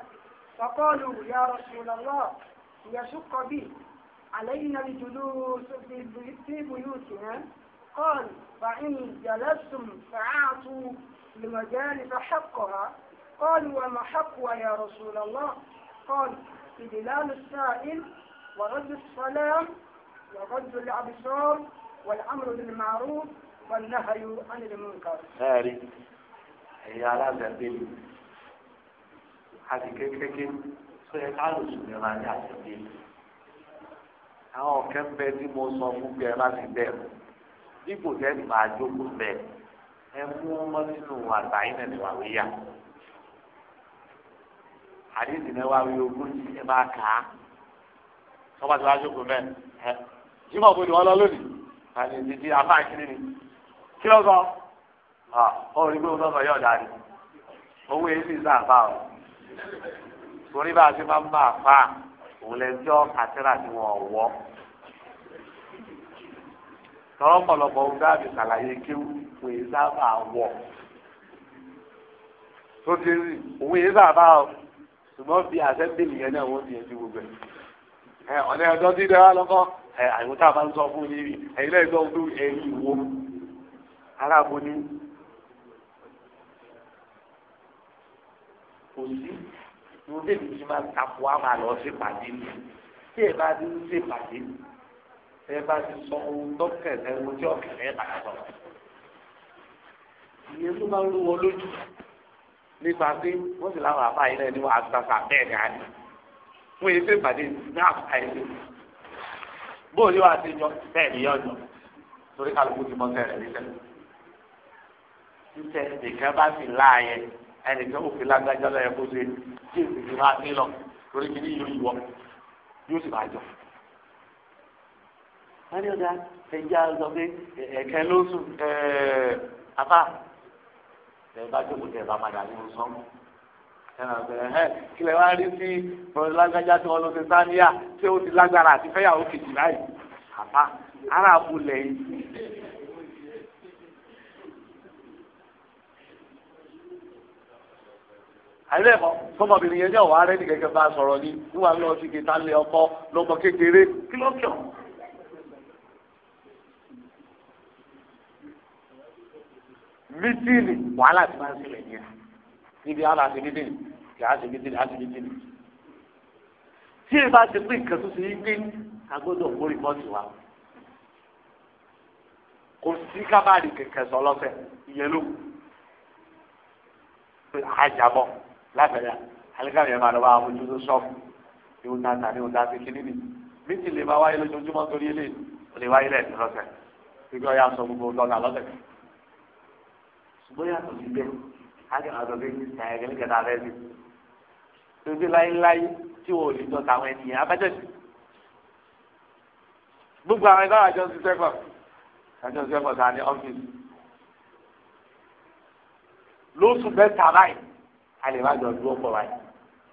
فقالوا يا رسول الله يشق بي علينا الجلوس في بيوتنا قال فإن جلستم فأعطوا المجالس حقها قالوا وما حقها يا رسول الله قال إدلال السائل ورد السلام وغض الأبصار والأمر بالمعروف ẹ̀rí ẹ̀yà alágbàgbélé àti kékeré tó yẹ ká lò sùn nira ní àtẹ̀lé àwọn ọ̀kẹ́ ń bẹ tí mo sọ fún bí ẹ bá ti bẹ̀ mọ́ dípò tẹ́ ti máa jókòó bẹ̀ ẹ mú ọmọ sínú àgbáyé náà ní wà wíyà àdéhùn náà wà wí ogójì ẹ bá kà á wọ́n bá ti wá jókòó bẹ́ẹ̀ ẹ jímọ̀ bó ni wọ́n lọ lónìí àti ìdíje afáàkiri ni kí ló sọ ọ rí gbogbo ọmọ yóò dáa ni owó yìí sì o torí bá a ti máa ń bá àfa òun lè jọ kàtẹ́rà tí wọ́n wọ́ tọrọ pọ̀lọpọ̀ ọgbà àbí sàlàyé kéwù òun yìí sábà wọ tó ti rí òun yìí sábà o ṣùgbọ́n bí àtẹ́bìlì yẹn náà wọ́n ti yẹn ti gbogbo ẹ̀ ọ̀nà ẹ̀dọ́ dídẹ́ lọ́kọ́ ẹ̀ àyùntà máa ń sọ fún yìí ẹ̀yin náà gbọ́ fún ẹ̀yìn ìwọ́n aráàbò ní kò sí ní o débi tí máa takò á máa lọ sí pàdé ní tí ẹ bá ti ń ṣe pàdé ẹ bá ti sọ ohun tó kẹsẹ̀ ohun tí ọ̀kẹ́rẹ́ ẹ̀ bàtà sọ. ìyẹn tó máa ń lú wọn lójú nípa pé wọ́n sì láwọn àbá yìí náà ni, wọ́n àtàkà bẹ́ẹ̀ ni a ní wọ́n yẹ ṣe pàdé ní àbá yìí bóòlù wa ti yan bẹ́ẹ̀ ni yọ̀ọ́ torí kálukú ti mọ sẹ́rẹ̀ níṣẹ́ títẹ nìkan bá sì láàyè ẹnìkan òfin lágbájá lọ́yẹ kó ṣe tí èsì ti máa nílọ torí kí ní ìlú ìwọ yóò sì máa jọ. wọ́n ní ọ̀gá ẹja sọ pé ẹ̀kẹ́ ló sùn apá ẹ̀ bá jókòó tẹ̀ bá padà nínú sọ́mù kí lè wá rí sí lágbájá tí wọ́n lọ sí sáníyà tí ó ti lágbára àti fẹ́yàwó kejì láì àpá ara àbúlẹ̀ yìí. àìlẹ́kọ̀ fọmọbìnrin yẹn ní ọ̀wá rẹ ní kẹ̀kẹ́ bá sọ̀rọ̀ ni níwà lọ sí kìtà lé ọkọ lọ́mọ kékeré kí ló kí ọ. mítíìnì wàhálà ti máa ń sílẹ̀ yẹn níbi àwọn àṣemídìní kì á ṣemídìní á ṣemídìní. tí ẹ bá ti pín nǹkan tó ṣe yí pé agbọ́dọ̀ mórí mọ́tì wa kò sí kábàárì kẹ̀kẹ́ sọ lọ́sẹ̀ ìyẹn ló àjàbọ̀ láfẹ̀yà alikami yẹn máa lọ bá àwọn ojútùú sọ́ọ̀fù ní wọn náà tàbí wọn dáa kékeré nì méjì lè máa wáyé lójoojúmọ́ torí ilé lè wáyé lẹ́ẹ̀kan lọ́sẹ̀ ibi ọ̀yà sọ gbogbo lọ́nà lọ́sẹ̀. ṣùgbọ́n yàtọ̀ sí bẹ́ẹ̀ ágẹ̀ àtọ̀ bí ní sàyẹ̀kẹ́lẹ́ kẹta rẹ̀ ni tóbi láéláé tí wọn ò lè jọ tàwọn ènìyàn abẹ́jẹ́ sí. gbogbo àwọn ẹgbẹ́ àjọ ṣiṣẹ́ pọ̀ àjọ ṣiṣẹ́ a lè má jọ dúró pọ̀ wáyé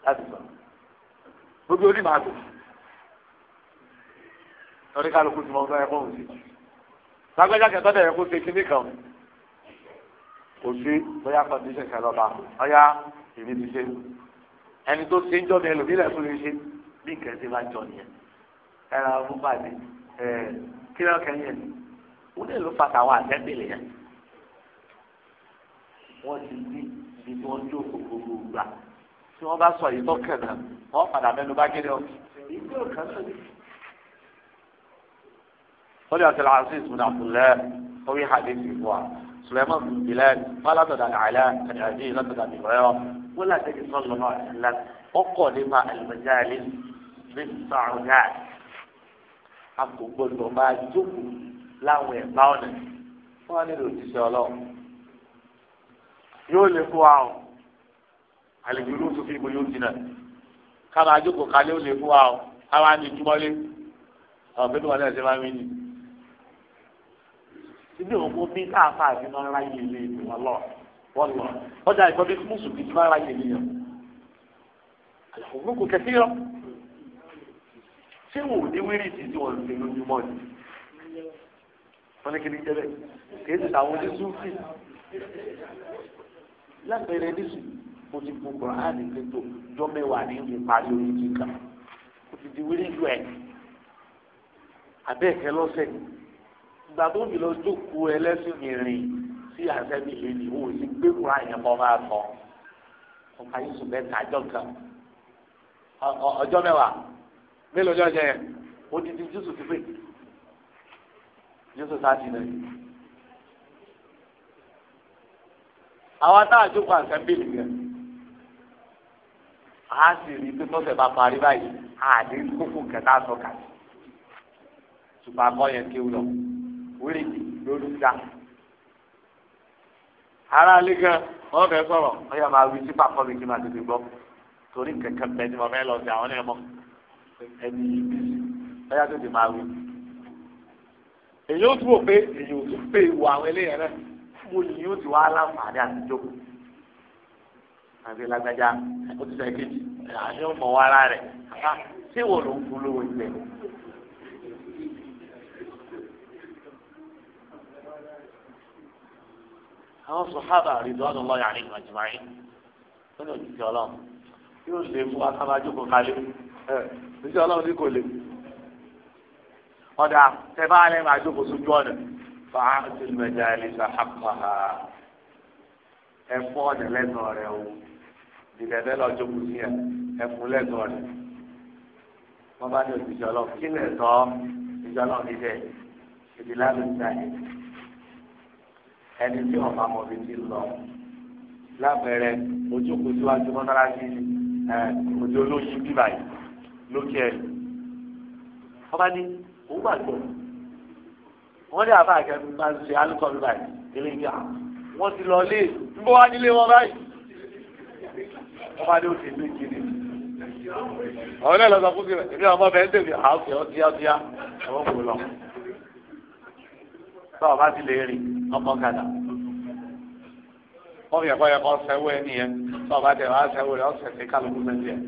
láti sọ gbogbo orí màá tó lórí kálukú tí mo ń sọ ẹ̀kọ́ òsì lágbájá kẹtọ́ dẹ̀ ẹ̀kọ́ ṣe kíní kan kò sí bóyá kọ́ndíṣẹ̀ kẹlọ́ba ọ̀yá èmi ti ṣe ẹni tó ṣe ń jọ ní ẹlòmílẹ̀ tó lè ṣe bí nǹkan ti máa jọ nìyẹn ẹ̀rọ fúnpàdé ẹ̀ kí ló kẹ́yìn ẹ̀ wọ́n lè ló fàtàwọn àtẹ́bìlì yẹn wọ́n ti dín ibi tí wọ́n jókòó gbogbo gbà tí wọ́n bá sọ ìtọ́ kẹ̀nà wọ́n padà mẹ́nu bá kéde ọ. sọ́dọ̀ àti làásìs bin abdullahi orí hadith ìfọ̀à suleiman bin bilal wọn látọ̀dà àlá àdìyàdì látọ̀dà nìbọ̀yọ̀ wọn láti ẹ̀jẹ̀ sọ́dọ̀ lọ́wọ́ àlá ọkọ̀ nípa àlùmọ̀jáàlì ní sàrúgà a kò máa jókòó láwọn ẹ̀bá ọ̀nà wọn nílò òjíṣẹ́ ọlọ́run yóò lè fún wa o àlejò ló tún fi ibo yóò dínà kára àjòkò kalẹ̀ ó lè fún wa o kára ní ìtumọ̀lé àwọn pẹ̀lú wọn náà ṣe máa ń wíni. ilé òkú bí káàpá àti máa ń ráyè ilé ìlú wọn lọ wọn lọ ọjà ìkọ́ bí mùsùlùmí ti máa ń ráyè ilé yẹn. àlùkò kẹsí yọ ṣé wò ní wíìrì tí tí wọn lè lójúmọ́ ni wọn ní kí ni jẹ́ bẹ́ẹ̀ kì í ti tàwọn oníṣúfì lápẹẹrẹ nísìn mo ti bu kùránì lẹ́tọ̀ jọ mẹ́wàá ní ìparí orí ti kà mo ti di wílí ju ẹ̀ abẹ́ẹ̀kẹ́ lọ́sẹ̀ ìgbà tó mi lọ jókòó ẹlẹ́sìn mi rìn sí àṣẹ́bí lèlè o sì gbé kùránì yẹn kọ́ máa sọ ọkà yìí sùn mẹ́ta àjọ kan ọjọ́ mẹ́wàá mélòó ọjọ́ jẹ yẹn odidi jésù ti pè jésù sáà ti nà yìí. àwa tá a jókòó àǹkan bíi nìyẹn a sì rí i pé tọ́sẹ̀ bá parí báyìí àdé kókó kẹta sọ kàdé ṣùgbọ́n akọ́ yẹn kéwù lọ wíìlì lórí dá ara lé gan wọn fẹ́ sọ̀rọ̀ wọn yà máa wí sí pàpọ mi kí n máa tètè gbọ́ torí kẹkẹ bẹ ni mo fẹ́ lọ sí àwọn ẹmọ ẹni yìí bí wọn yà tètè máa wí èyí ó túwò pé èyí ò tún pè wọ àwọn eléyẹn mo yìí yóò ti wá láǹfààní àtijọ́ àbí lágbájá ó ti sẹ́yìn kejì àti ọmọ wa ara rẹ̀ ṣé wọ́n ló ń polówó ilẹ̀. àwọn sòhábà rìdọ́nù lọ́yà ní ìgbàjúmáyé lónìí òjijì ọlọ́run yóò lè fún akábájú kò kálé òjijì ọlọ́run ní kò lè. ọ̀dà tẹ bá alẹ́ máa jókòó sójú ọ̀nà fàáàtì mẹjálì sàhàpàhà ẹfọ ọdẹ lẹnu rẹ o dìdẹdẹ lọjọ kùsì ẹ ẹfun lẹnu rẹ wọn bá ní òṣìṣẹ́ Ọlọ́run kí lè tọ òṣìṣẹ́ Ọlọ́run dídẹ ìdílé àlùjá yìí ẹni tí ọba mọbi ti lọ lábẹrẹ ojú kùsì wa ti mọtara sí ẹ ojú olóyin bíbáyìí lókè ẹ wọn bá ní òun bá wọ́n ní àbá àkẹ́kọ̀ọ́ máa ń ṣe alukọ́ mi báyìí kéré ìjà wọ́n ti lọ lé ń bọ́ wá nílé wọn báyìí wọ́n bá dé òkè méjì ni. àwọn náà lọ sọ fún mi ọmọ bẹ́ẹ̀ ń tèmi àáfẹ́ ọtíátíá ọmọ kò lọ. sọ́ọ̀ bá ti lè rìn ọmọ kàdà wọ́n fi ẹ̀kọ́ yẹ kọ́ sẹ́wọ́ ẹni yẹn sọ́ọ̀ bá tẹ̀ wá sẹ́wọ́ rẹ̀ ọ̀sẹ̀ ní kálukú méjì ẹ̀.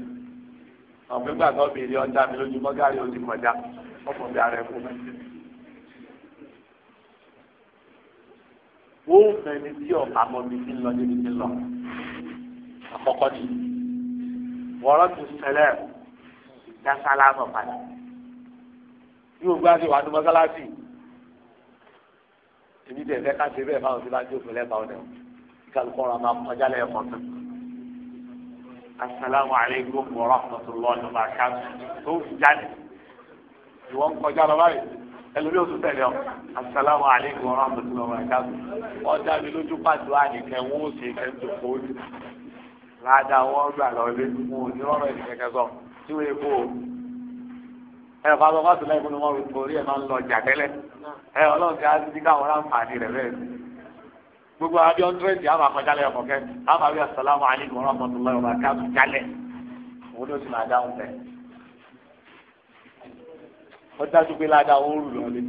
ọ̀gbẹ́gbàgbọ́ mi ọjà mi lójú mọ́gàrí òdì kọjá ọkùnrin ààrẹ fún mi. ó ń fẹ́ ní tí ọ̀pá mọ́ mi ti lọ níbi ti lọ. àkọ́kọ́ ni wọ́rọ́ tún sẹlẹ̀ dá sálámọ̀ padà yóò gbá sí wàá dúmọ́ sálásì èmi tẹ̀ fẹ́ ká ṣe bẹ́ẹ̀ báwọn ti bá jókòó lẹ́bàá ọ̀dẹ̀ kálukọ́ ra máa kọjá lẹ́ẹ̀kan tán. asalaamu aleykum wa rahmatulahi wa barakatuh tó jáde ìwọ kọjá lọ báyìí ẹlòmí oṣù tẹ̀lé ọ asalaamu aleykum wa rahmatulah wa barakatu ọjà mi lójú pàtó àdìkẹ wọn ò ṣe kẹntò fóònù láàdá wọn gbà lọlé wọn ò ní rọrọ ẹni kẹkẹ sọ tí wọn èkó ẹ bá bá bàtú láì fún wọn rò torí ẹ máa ń lọ jà tẹ́lẹ̀ ẹ Ọlọ́run ti á ti káwọn ráǹfààní rẹ bẹ́ẹ̀ gbogbo abẹ́ ọ̀ndrẹ́dì àwọn akọ̀jálẹ̀ ọ̀kọ̀kẹ́ àwọn abẹ́ asalaamu aleykum wa rahmatulah wa barakatu ó dájú pé ládàá ó rù lọ́lé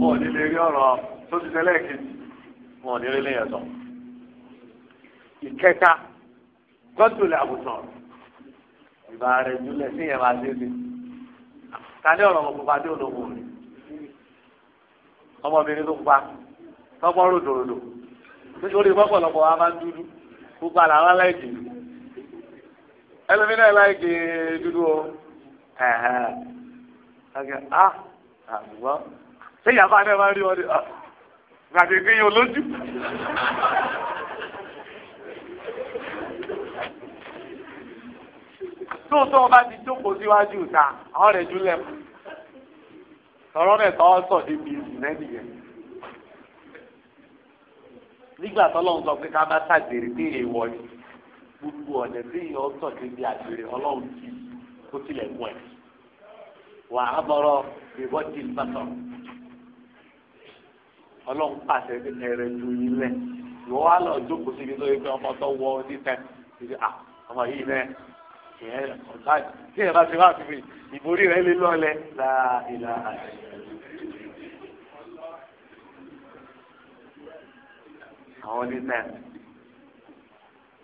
wọn ò ní lè rí ọ̀rọ̀ tó ti tẹ́lẹ̀ kejì wọn ò ní rí lẹ́yìn sọ. ìkẹta gọ́dùn lè àbùsàn ìbá rẹ̀ júlẹ̀ sí ìyẹn máa délé kálí ọ̀rọ̀ ọmọ pupa dé olóko rẹ̀ ọmọbìnrin tó pupa tọ́gbọ́n ròdòròdò nítorí pọ́pọ̀lọpọ̀ wa máa ń dúdú pupa làwọn aláìkè ẹlòmínà aláìkè dúdú o kàkẹ́ á àgbọ̀ sẹ́yìn àbá náà máa rí ni ah, gbàgbé kéèyàn lójú. tóòtọ́ ọba ti jókòó síwájú ìta àwọn rẹ̀ júlẹ̀ mọ́ tọ̀rọ̀ rẹ̀ tọ́ sọ̀ débi ìsìnẹ́bì yẹn. nígbà tọ́lọ́run sọ pé ká bá ṣàgbèrè pé èèwọ̀ ni gbogbo ọ̀nà tí èèyàn sọ̀ débi àgbèrè ọlọ́run kì í kó tilẹ̀ mú ẹ̀ wà á bọ̀rọ̀ ìwọ́ di ìbátan. ọlọ́run pàṣẹ pé ẹrẹ ju ilẹ̀ ìwọ́ wa lọ jókòó síbi tó yẹ pé ọmọ tó wọ oníta ìdí à ọmọ yìí rẹ ìyẹn ọ̀tá tí ẹ bá ti wá síbi ìborí rẹ lé lọ́lẹ̀ láà ìlà àṣẹ. àwọn oníta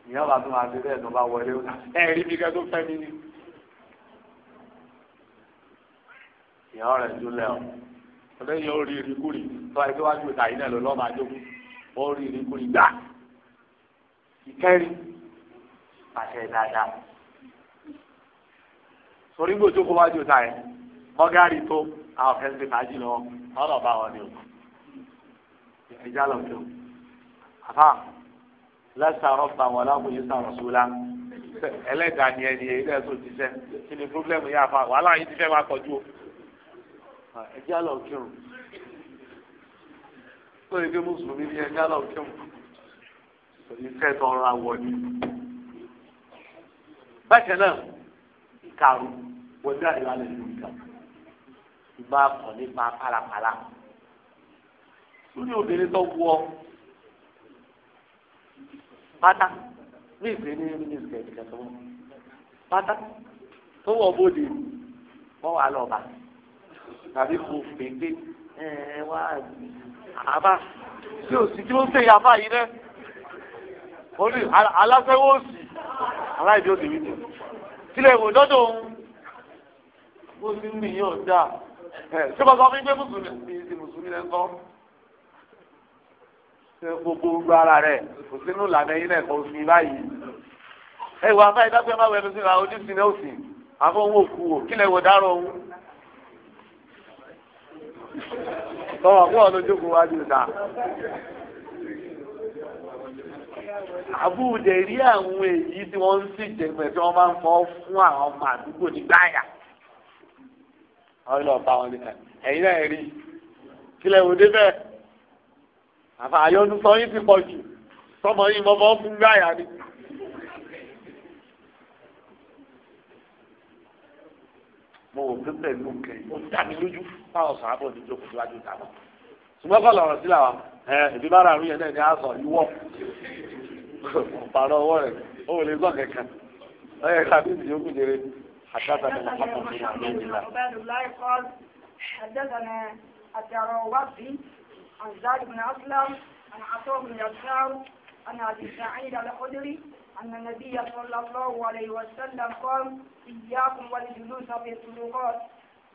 ìyá bàtú máa ti bẹ́ẹ̀ tó bá wọlé ẹ̀rí mi kẹ́ tó fẹ́ mi ni. ìyàwó rẹ̀ júlẹ̀ o ọlẹ́yìn ó rí irikúri tó ayé wájú ìta náà ló lọ́ọ́ jókòó ó rí gbà ìkẹ́rin àṣẹ dáadáa torí gbòjó kó wájú ìta yẹn tó àwọn fẹ́ẹ́ ṣe fàájì lọ ọ̀rọ̀ bá wọn ni o ìjà lọ sí o àfà lẹ́sàrọ̀ wọn láwọn yìí sàrọ̀ sóla ẹlẹ́dàá ni ẹni èyí lẹ́sùn ti sẹ́ kí ni pírọ́blẹ́mù yà fà wàhálà yìí ti fẹ́ wá kọjú o ẹjẹ àlọ kírun ó lè gbé mùsùlùmí ní ẹjẹ àlọ kírun iṣẹ́ tọrọ àwọ ni. bákan náà ìkarùn wọlé àdìlálẹ ìlú ìgbà ìgbà kọ nípa pálapàla lórí obìnrin tó wọ pátá ní ìpè ní mínísítà ìdíkà tó wọ pátá tó wọ bóde wọn wà lọ tàbí kò fèdè ẹ wá àbá tí ò sì tí ó ń sèyí yìí rẹ orí aláfẹ́wọ́ òsì aláìdí òdì mi tẹ̀ sílẹ̀ ìwò dọ́dọ̀ òun bó ti ń nìyí ọ̀dà ẹ ṣé bá sọ fún mùsùlùmí ti mùsùlùmí lẹ́ ń ṣe gbogbo gbogbo ara rẹ kò sínú ìlànà yín náà kò sí báyìí ẹ wà báyìí dápẹ́ máa wẹ̀ ẹnu sí ra ojú sí náà ó sì àfọwọ́ òkú wò kílẹ̀ wò dárò òun. tọwọ pọ̀ lójú kò wájú ta. rí àwọn èyí tí wọ́n ń sì jẹ̀mẹ̀ tí wọ́n máa ń fọ́ fún àwọn ọmọ àdúgbò dị ọlọ́ bá wọn nìkan ẹ̀yin náà rí kílẹ̀ wò bẹ́ẹ̀ ti pọ̀ jù sọmọ mọ́ fún ni. mo pẹ̀lú kẹ́yìn dá táwọn sàn ábò ní jókòó síwájú ìdáná ṣùgbọ́n kọ́ lọ́rọ̀ sílẹ̀ wa ẹ ìbí bá ra àrùn yẹn náà ní àṣọ ìwọ́ pàrọ̀ ọwọ́ rẹ̀ ó lè gbọ́ kankan ẹ yẹ ká bí ìdíyókù jẹrẹ àṣàtà ní mọ̀kàtà ní àgbẹ̀yìnlá. عن عطاء بن أن النبي صلى الله عليه وسلم قال إياكم والجلوس في الطرقات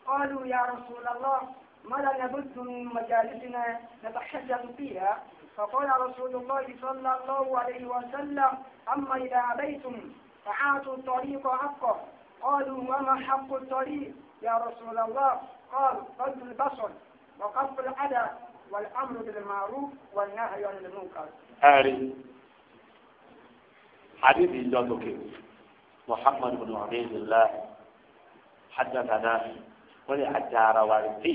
قالوا يا رسول الله ما لا نبد من مجالسنا نتحدث فيها فقال رسول الله صلى الله عليه وسلم أما إذا أبيتم فعاتوا الطريق حقه قالوا وما حق الطريق يا رسول الله قال قلب البصر وقف الأذى والأمر بالمعروف والنهي عن المنكر آري حديث الجندك محمد بن عبيد الله حدثنا ولي ní àjàrà wà ní tí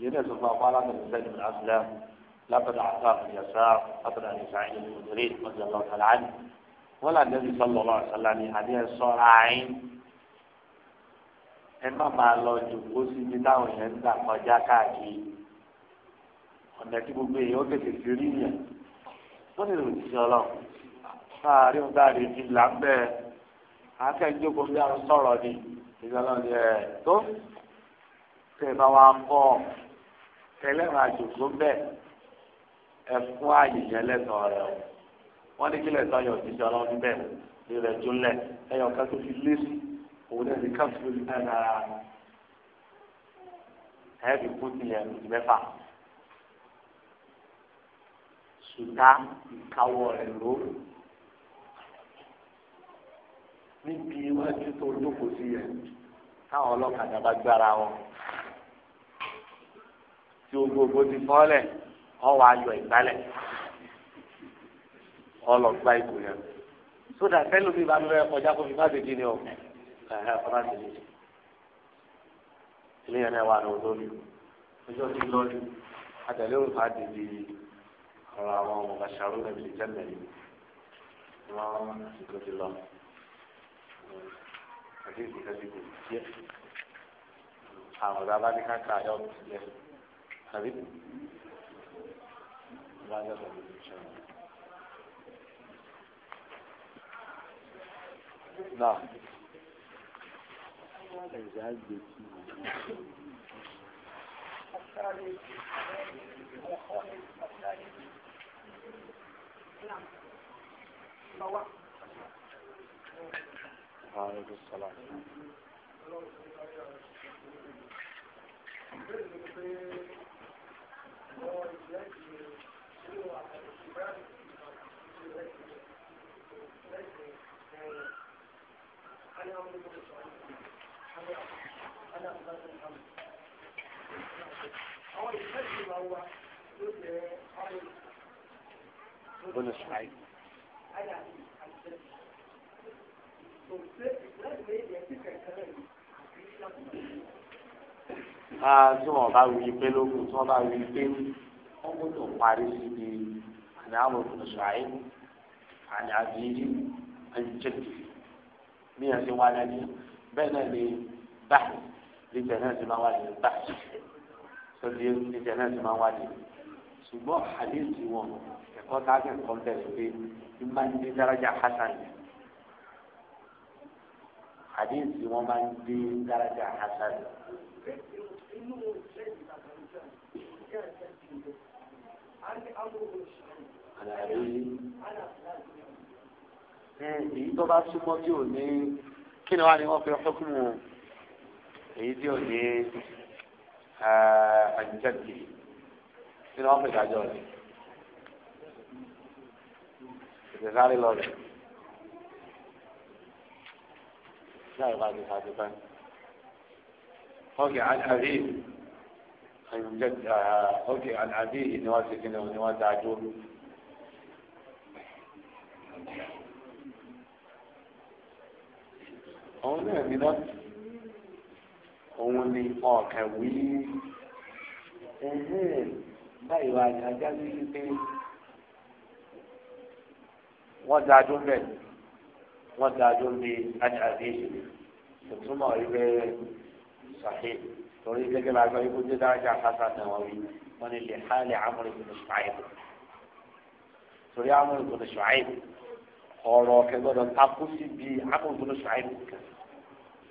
من náà tó fún ọkọ alámọ̀lẹ́ sẹ́yìn ní asílẹ̀ lábẹ́rẹ́ àtàwọn ìyàsá lábẹ́rẹ́ àyẹ̀sá ìyẹn ní mọ̀tẹ́rẹ́ ọ̀dọ̀ lọ́wọ́ tàlá ní. wọ́n là nẹ́bí sọ́lọ́ lọ́wọ́ sọ́lá ní adé ẹ̀ sọ́ra ayín. ẹ má máa lọ jòkó síbi táwọn èèyàn ń gbà kọjá káàkiri. ọ̀nà tí gbogbo èèyàn tètè fi rí yẹn. wọ́n ní ìròyìn ọlọ́run. láàárín ọ̀gá rẹ̀ ti là ń bẹ́ẹ̀. akẹ́ńjókòó bí a sọ̀rọ̀ ni ìgbàlọ́ tẹ bá wa kọ tẹlẹ máa jòkó bẹ́ẹ̀ ẹ fún àyè yẹn lẹsàn rẹ o wọn ní kí lẹsàn yọ òjijì Ọlọ́run bẹ́ẹ̀ ní rẹ jólẹ ẹyọ kan tó fi lé sí òun náà ní káàpù lórí náà nára ẹ fi kú tilẹ̀ lójú mẹ́fà sùtá ìkáwọ rẹ ló níbi iwájú tó lókòó sí yẹn táwọn ọlọ́kadà bá gbára wọn tí o gbogbo ti fọ́lẹ̀ ọwọ́ ayọ̀ ìgbálẹ̀ ọlọ́gba ìbò yẹn sódà fẹ́lú mi bá mi rẹ kọjá kó mi bá ti di ni o ọba ti di ilé yẹn náà wà ní olórí ọjọ́ ti lọ́ọ́lù àtẹ̀lé òun fà á di di ọ̀rọ̀ àwọn ọmọ bàṣàrú nàbí lè jẹ́mẹ̀ yìí wọ́n ti kó ti lọ àti ìdíkàdìkò díẹ̀ àwọn ọ̀dà bá ní ká ká حبيبي لا لا ان شاء الله نعم Thank you. بن اسماعيل tí wọ́n bá wí pé lókun tí wọ́n bá wí pé wọ́n gbọ́dọ̀ parí síbi àní àwọn òṣùwàyí àní àbíyí ẹnjẹ́tì bí wọ́n ti wá lẹ́ni bẹ́ẹ̀ náà ni báyìí bí bẹ́ẹ̀ náà ti máa wá lẹ́ni báyìí sọ́dí bí bẹ́ẹ̀ náà ti máa wá lẹ́ni ṣùgbọ́n àdéhùn wọn ẹ̀kọ́ tá a kẹ́ ń kọ́ bẹ̀rẹ̀ pé bí máa ń dé dárájà hasan yẹn àdéhùn wọn máa ń dé hasan yẹn inú òṣèlú ìdàgbàsókè ìjẹ́ ẹ̀ṣẹ́ ìjìnlẹ̀ àti àwọn òṣèlú. àlàyé èyí tó bá súnmọ́ tí ò ní kí ni wá ni wọ́n fi hukumu èyí tí ò ní àjẹjì kí ni wọ́n fi dájọ́ rẹ̀ ìdẹ̀sáré lọ rẹ̀. Ṣé àìbá ti ṣàtúntàn? ọkẹ àbí ọkẹ àbí ni wọn ti kíni ni wọn dáa dúró. òun náà ní lọ òun ni ọkẹ wí báyìí wà ní ajá ní pé wọ́n dáa dúró bẹ́ẹ̀ wọ́n bíi àjàdé ìṣẹ̀lẹ̀ tuntun mọ̀ wípé sàhé torí gẹ́gẹ́ bá a gbọ́ ikú dé dájà kásá tẹ̀wọ̀n wí wọ́n ní lè ha lè amúlẹ̀ ìbùdó ṣùáyé torí amúlẹ̀ ìbùdó ṣùáyé ọ̀rọ̀ kẹgbọ́dọ̀ takú sí bí amúlẹ̀ ìbùdó ṣùáyé kan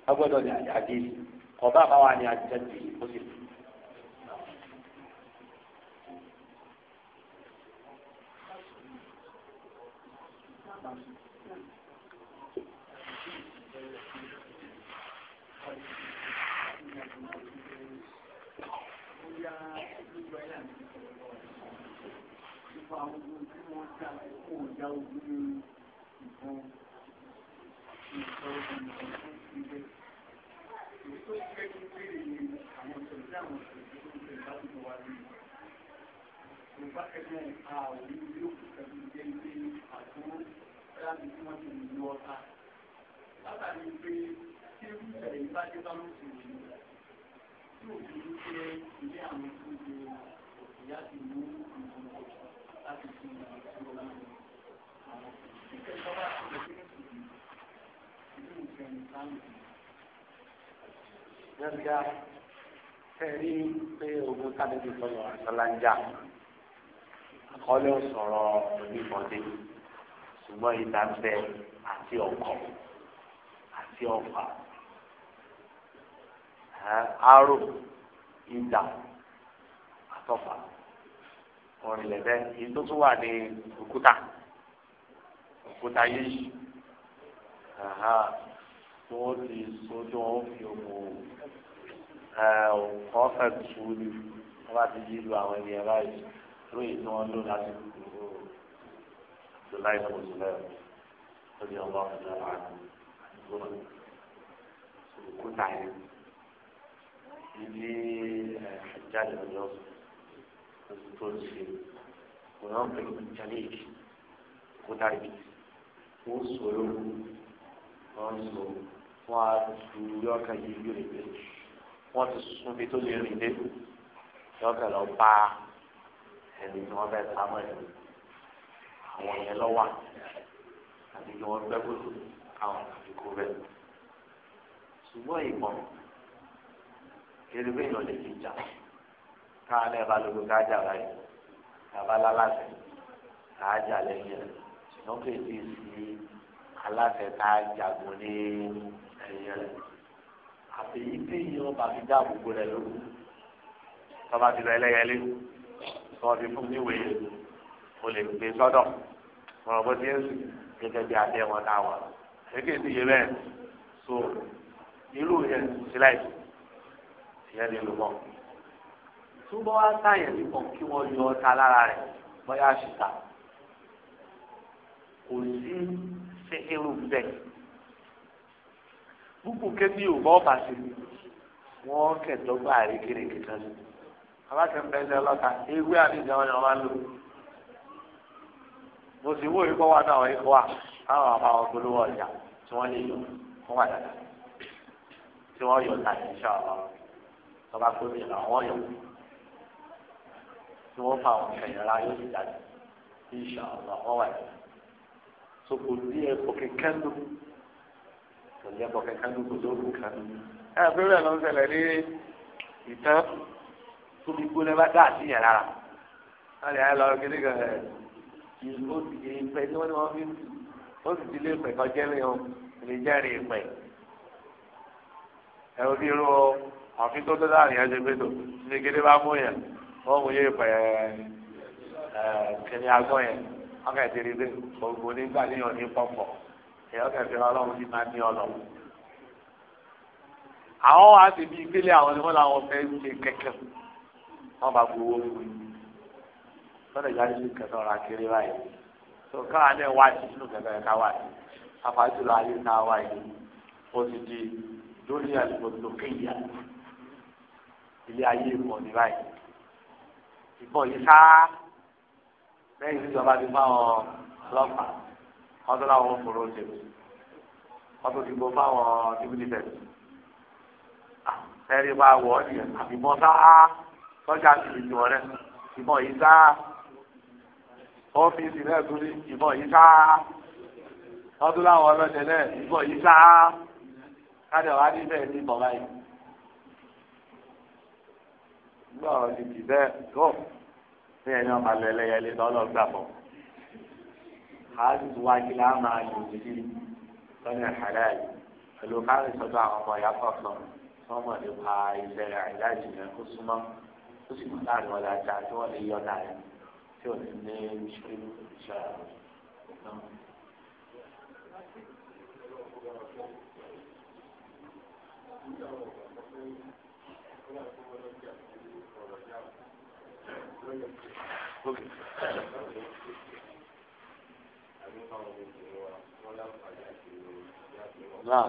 agbọ́dọ̀ ní àjàdé ọba àbáwá ní àjàdé ó sì fi. Thank you. látàrí pé kí ó bá ń yìí tí òbí ṣe ilé àwọn tó ṣe ìyá ti mú ìgbìmọ̀ ọ̀ṣun gbẹ̀ngà tẹ̀rí pé ogun sábẹ́bí sọ̀rọ̀ àtọ́lájà akọ́lẹ́ sọ̀rọ̀ onímọ̀dé ṣùgbọ́n ìta bẹ àti ọkọ̀ àti ọfà arò ìdà àtọ́fà orin lẹ́bẹ̀ yìí tó tún wà ní òkúta òkúta yéyí tó ti sojú wọn fi òkú ọkọ fẹẹ tu ni wọn bá ti yílu àwọn ènìyàn báyìí lóye tí wọn lò láti kúrò july four july ó di ọgbà ọjọ́ àti ìgbọmọ òkúta yẹn ibi ẹ jáde lọ́jọ́ sùn tó ń pẹ̀lú jalik kó dàbí wọ́n sọ̀rọ̀ wọ́n sọ wọ́n á ju yọ̀ọ̀kan yìí yóò lè gbé wọ́n ti sún bí tó lè rìn dé yọ̀ọ̀kan lọ bá ẹni tí wọ́n fẹ́ sá mọ́ ẹ̀ àwọn yẹn lọ́wọ́ àti kí wọ́n gbẹ́ kótó káwọn àfi kó bẹ́ẹ̀ ṣùgbọ́n ìmọ̀ kéré bẹ́ẹ̀ lè fi jà káà náà bá lóko ká jà láyé bàbá lálàsẹ ká jà lẹ́yìn rẹ̀ ṣùgbọ́n kò tí ì sí aláṣẹ tá a jagun ní ẹ̀yìn rẹ̀ àfẹ̀yí téèyàn ọba fi dá àbúgbò rẹ̀ lóko tọ́ba ti lọ ẹlẹ́yẹlé tọ́ fi fún níwèé o lè gbé sọ́dọ̀ ọ̀rọ̀ bó ti ń sùn gẹ́gẹ́ bí abẹ́ wọn táwọn gẹ́gẹ́ bí yẹ bẹ́ẹ̀ so irú yẹn síláì yẹn lè lò mọ́ túbọ̀ wá sáyẹn nìkan kí wọ́n yọ ọta lára rẹ̀ bóyá ṣìta kò sí ṣéhérù bẹ́ẹ̀ búkú kébí ò bọ́ bá sí ni wọ́n kẹ̀dọ́gba àrí kéréké kan ní abákẹ́ mbẹ́lẹ́ ọlọ́ta ewé àdìjà wọn ni wọ́n máa ń lò mo sì wó ikọ́ wa náà ikọ́ wa káwọn àbá wọn polówó ọjà tí wọ́n lè yọ fún wa tí wọ́n yọ ta ìṣọ́ àwọn tọ́ba tó lè lọ àwọn yọ tí wọ́n fa àwọn ẹ̀yìn ara yóò jáde insha allah wọ́n wà ní. so kò ní ẹ̀kọ́ kẹ̀kẹ́ ló kò ní ẹ̀kọ́ kẹ̀kẹ́ ló kò lóru kan. ẹ abẹ́rẹ́ ẹ̀ ló ń ṣẹlẹ̀ ní ìtàn tó fi gbóná bá dá àti yẹn lára. wọ́n lè lọ kí ní kan ẹ̀ ó sì di ìpẹ́ tí wọ́n ní wọ́n fi ó sì ti lé ìpẹ́ kan jẹ́ lẹ́yìn o lè jẹ́rìí ìpẹ́. ẹ̀rọ bí irú àfi tó tó ṣe gbé tó ṣe kéde bá mú yẹn wọ́n mú yé pẹ̀ ẹ̀ kìnní agbọ́n yẹn wọ́n kẹ̀ ti rí gbogbo nígbà ní pọ̀pọ̀ èèyàn kẹ̀ ọlọ́run ní máa ní ọlọ́run. àwọn wa ti bí ìpínlẹ̀ àwọn ni wọ́n làwọn fẹ́ ṣe kẹ̀kẹ́ wọ́n bá gbowó fún mi lọ́dọ̀ ìyá nínú kẹsàn ọ̀rọ̀ akéré báyìí tó káà ní ẹ̀wá sí inú kẹsàn ẹ̀ká wà sí afájúlọ ayé ká wà yìí ó ti di lórí àlùkò tó ilé ayé ìmọ̀ ní báyìí ìbọn yìí sáá lẹ́yìn ìjọba ti fáwọn ọlọ́pàá ọdún láwọn fòrò ṣe ọdún ti gbó fáwọn dìbìtì tẹ̀sí ẹ̀rí bá wọ̀ ọ́ nìyẹn àbíbọn sáá sọ́jà ti di tiwọn rẹ̀ ìbọn yìí sáá ọ́fíìsì náà tún ní ìbọn yìí sáá ọdún láwọn ọlọ́dẹ náà ìbọn yìí sáá kájọ wá níbẹ̀ ní bọ̀ báyìí gbọ́ olùdí bẹ́ẹ̀ tó ṣé ẹni ọmọ lẹ́lẹ́yẹ lé lọ́lọ́ gbà bọ̀ àádùn wa kí láà máa lò sí lọ́nà ìhàlẹ́ yìí pẹ̀lú káàrin sọ́dọ̀ àwọn ọmọ ìyá kọ̀ọ̀kan tí wọ́n mọ̀ nípa ilẹ̀ àìláàjì rẹ̀ kó súnmọ́ ó sì mọ̀ láàrin wọn dáadáa tí wọ́n lè yọ náà tí ò ní ní ṣe ìṣẹ́ Thank you. náà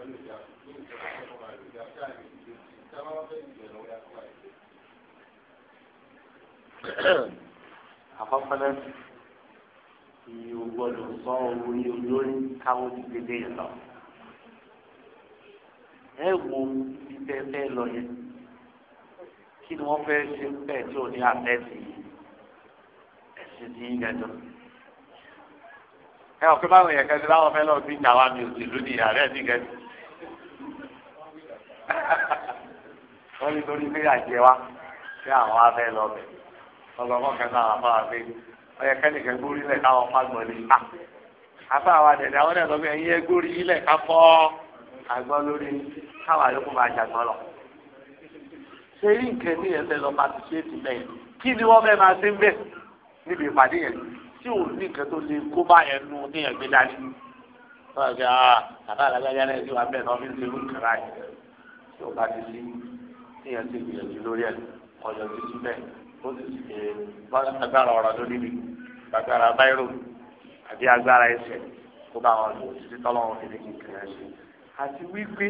àkọ́kọ́lẹ́ tí o gbọ́dọ̀ sọ ohun ní olórí káwọ́ ti gbèdé yẹn lọ. ẹ wo ibi fẹ́ lọ yẹn kí ni wọ́n fẹ́ ṣe bẹ́ẹ̀ tí o ní àtẹ́sí ẹ̀sìn ní ìgbẹ́jọ́ ẹ ọ̀pẹ́ báwọn yẹn kẹ́sì báwọn fẹ́ lọ sí ìjà wa mi ò sì lónìí àárẹ̀ sí kẹ́sì wọ́n ní torí pé àjẹ wa ṣé àwọn afẹ́ lọ bẹ̀ ọlọ́mọ kẹta àwọn afá pé ọyẹ kẹ́nìkan gbórí lẹ̀ káwọn fagbọ̀n ní ká ah! afá wa dẹ̀ àwọn ẹ̀dọ́ bí ẹ̀yin gbórí lẹ̀ ká àgbọ̀n lórí káwọn àyókù máa jàgbọ́n lọ. ṣé rí nǹkan ní ẹsẹ̀ lọ bá ti ṣe é ti bẹ́ẹ̀ kí ni wọ́n fẹ́ máa ṣe ń bẹ̀ níbi ìpàdé yẹn tí ò ní nǹkan lè kó bá ẹnu níyàn gbé dání tí o bá ti sí tíyẹn ti gbìyànjú lórí ẹ̀ ọ̀yọ́ ti sí bẹ́ẹ̀ ó sì ti ṣe agbára ọ̀rọ̀ lórí mi agbára báírò àbí agbára ẹsẹ̀ kó bá wọn lò títí tọ́lọ́wọ́n fi ní kí n kiri ẹ̀ ṣe. àti wípé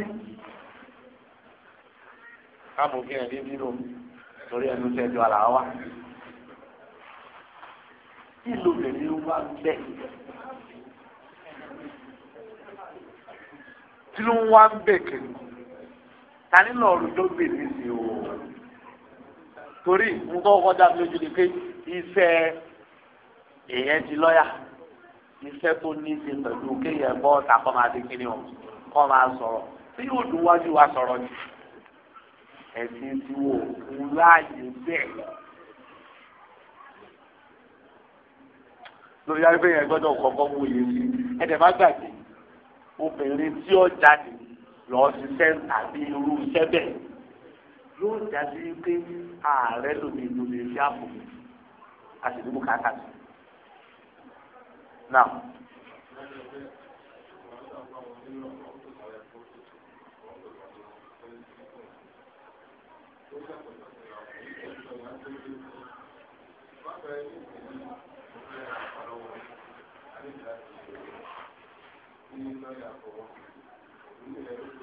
káàmùkí ẹ̀ ní bínú torí ẹnu tẹ́jú ara wa kí lóbìnrin wá bẹ́ẹ̀ tí ló ń wá ń bẹ̀ tani lọ́ọ̀rù tó gbè mí sí o torí nǹkan ọkọ̀ dàbí lójú ni pé iṣẹ́ èèyàn di lọ́yà iṣẹ́ tó ní í ṣe pẹ̀lú kéèyàn bọ́ ọ̀tà kọ́ máa di kíni o kọ́ máa sọ̀rọ̀ tí yóò dùn wájú wa sọ̀rọ̀ ni ẹ̀sìn tí wò ń láàyè bẹ́ẹ̀. lórí arábìnrin yẹn gbọ́dọ̀ kọ́kọ́ wòye sí ẹ̀dẹ̀ má gbàgbé obìnrin tí ó jáde lọ ṣiṣẹ́ àbí irú iṣẹ́ bẹ́ẹ̀ yóò dájú pé ààrẹ lòdì lòdì sí àpò àṣìdúgbò kàkàtì. náà. Thank you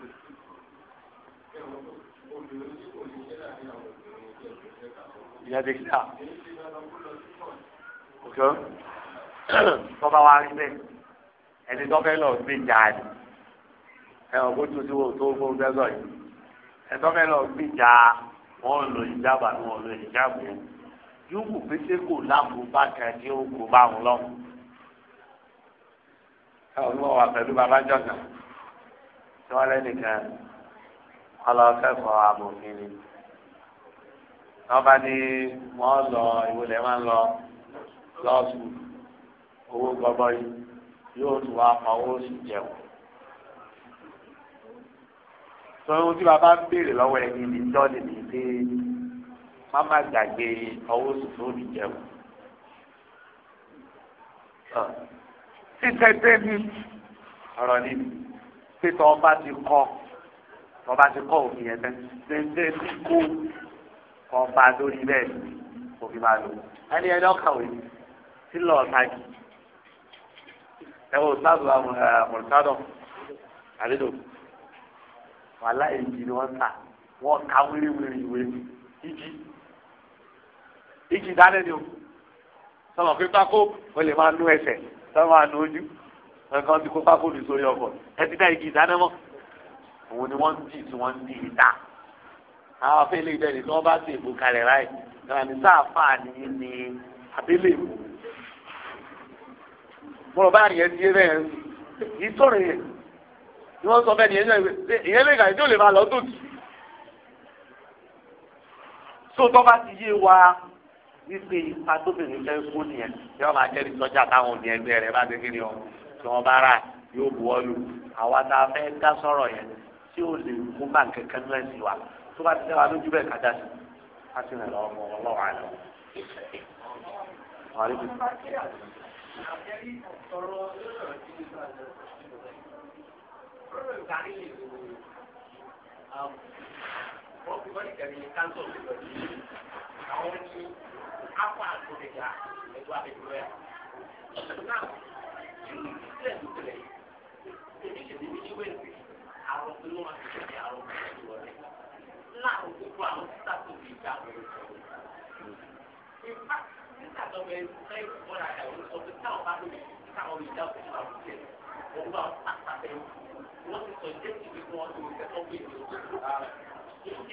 ìyá ti kíkà ok? [clears throat] tọ́ba wa rí bẹ́ẹ̀ ẹni tó fẹ́ lọ gbé jà ni ẹ ọ̀ bójú tí wọ́n tó gbóhùn bẹ́sọ̀ yìí ẹni tó fẹ́ lọ gbé jà wọ́n lò ìjábà ni wọ́n lò ìjábà yẹn yóò wù pété kò láàbù bá kàn kí ó kò bá wọn lọ́wọ́ ẹ ọ̀ lọ́wọ́ àpẹ̀lú bàbá jọ̀gàn tí wọ́n lẹ́nìkan ọlọ́kẹ́kọ̀ọ́ amòfin ni wọ́n bá wọ́n lọ ìwòlẹ̀ máa ń lọ lọ́ọ̀sù owó gọbọi yóò tún wá pa owó sì jẹun. sọ ohun tí bàbá ń béèrè lọ́wọ́ ẹni ní jọ́ọ̀lì ní pé má má gbàgbé owó sì tó ní jẹun. títẹ débi ọ̀rọ̀ ni pété ọba ti kọ́ tọ́ba ti kọ́ òfin yẹn tẹ́ ṣẹ́ńtẹ́ tí kò kọ́ ba lórí bẹ́ẹ̀ kò fi máa lò ẹni ẹni ọkàwé tí lọ́ọ̀ tagi ẹ̀wọ̀n sáàdù àmọ̀tádọ̀ àlédò wàhálà èyí ni wọ́n ta wọ́n ka wíríwíri ìwé igi igi dáná ni o sọmọ pé pákó o lè máa nú ẹsẹ̀ sọmọ àná ojú ẹ̀kan ti kó pákó lù sórí ọkọ̀ ẹ ti dá igi dáná mọ́ òun ni wọ́n ń dì tí wọ́n ń dì í ta àwọn afẹ́lẹ́ ìdẹ́ni tí wọ́n bá ti èbó kalẹ̀ láì náà ní sáàfà ni ni abẹ́lẹ̀ èbó mọ̀rọ̀ bá rìn ẹtí rẹ̀ yìí sọ̀rọ̀ yẹn ni wọ́n sọ bẹ́ẹ̀ ni ìyẹn lè gàdí tí ò lè máa lọ tòkì tó tọ́ bá ti yé wa wípé ipa tóbìnrin fẹ́ kó nìyẹn tí wọ́n máa jẹ́rìí sọ́jà táwọn òbí ẹgbẹ́ rẹ̀ bá dé kiri ọ tí wọ́n bá rà yóò bu ọ́ lù àwa tá a fẹ́ ká sọ̀rọ̀ yẹn tí ó lè mú bá kankan náà sí wa tó bá ti dá wa lójú bẹ́ẹ̀ kájà sí a ti rìn lọ́wọ́ ọmọ ní apá àti òdìjà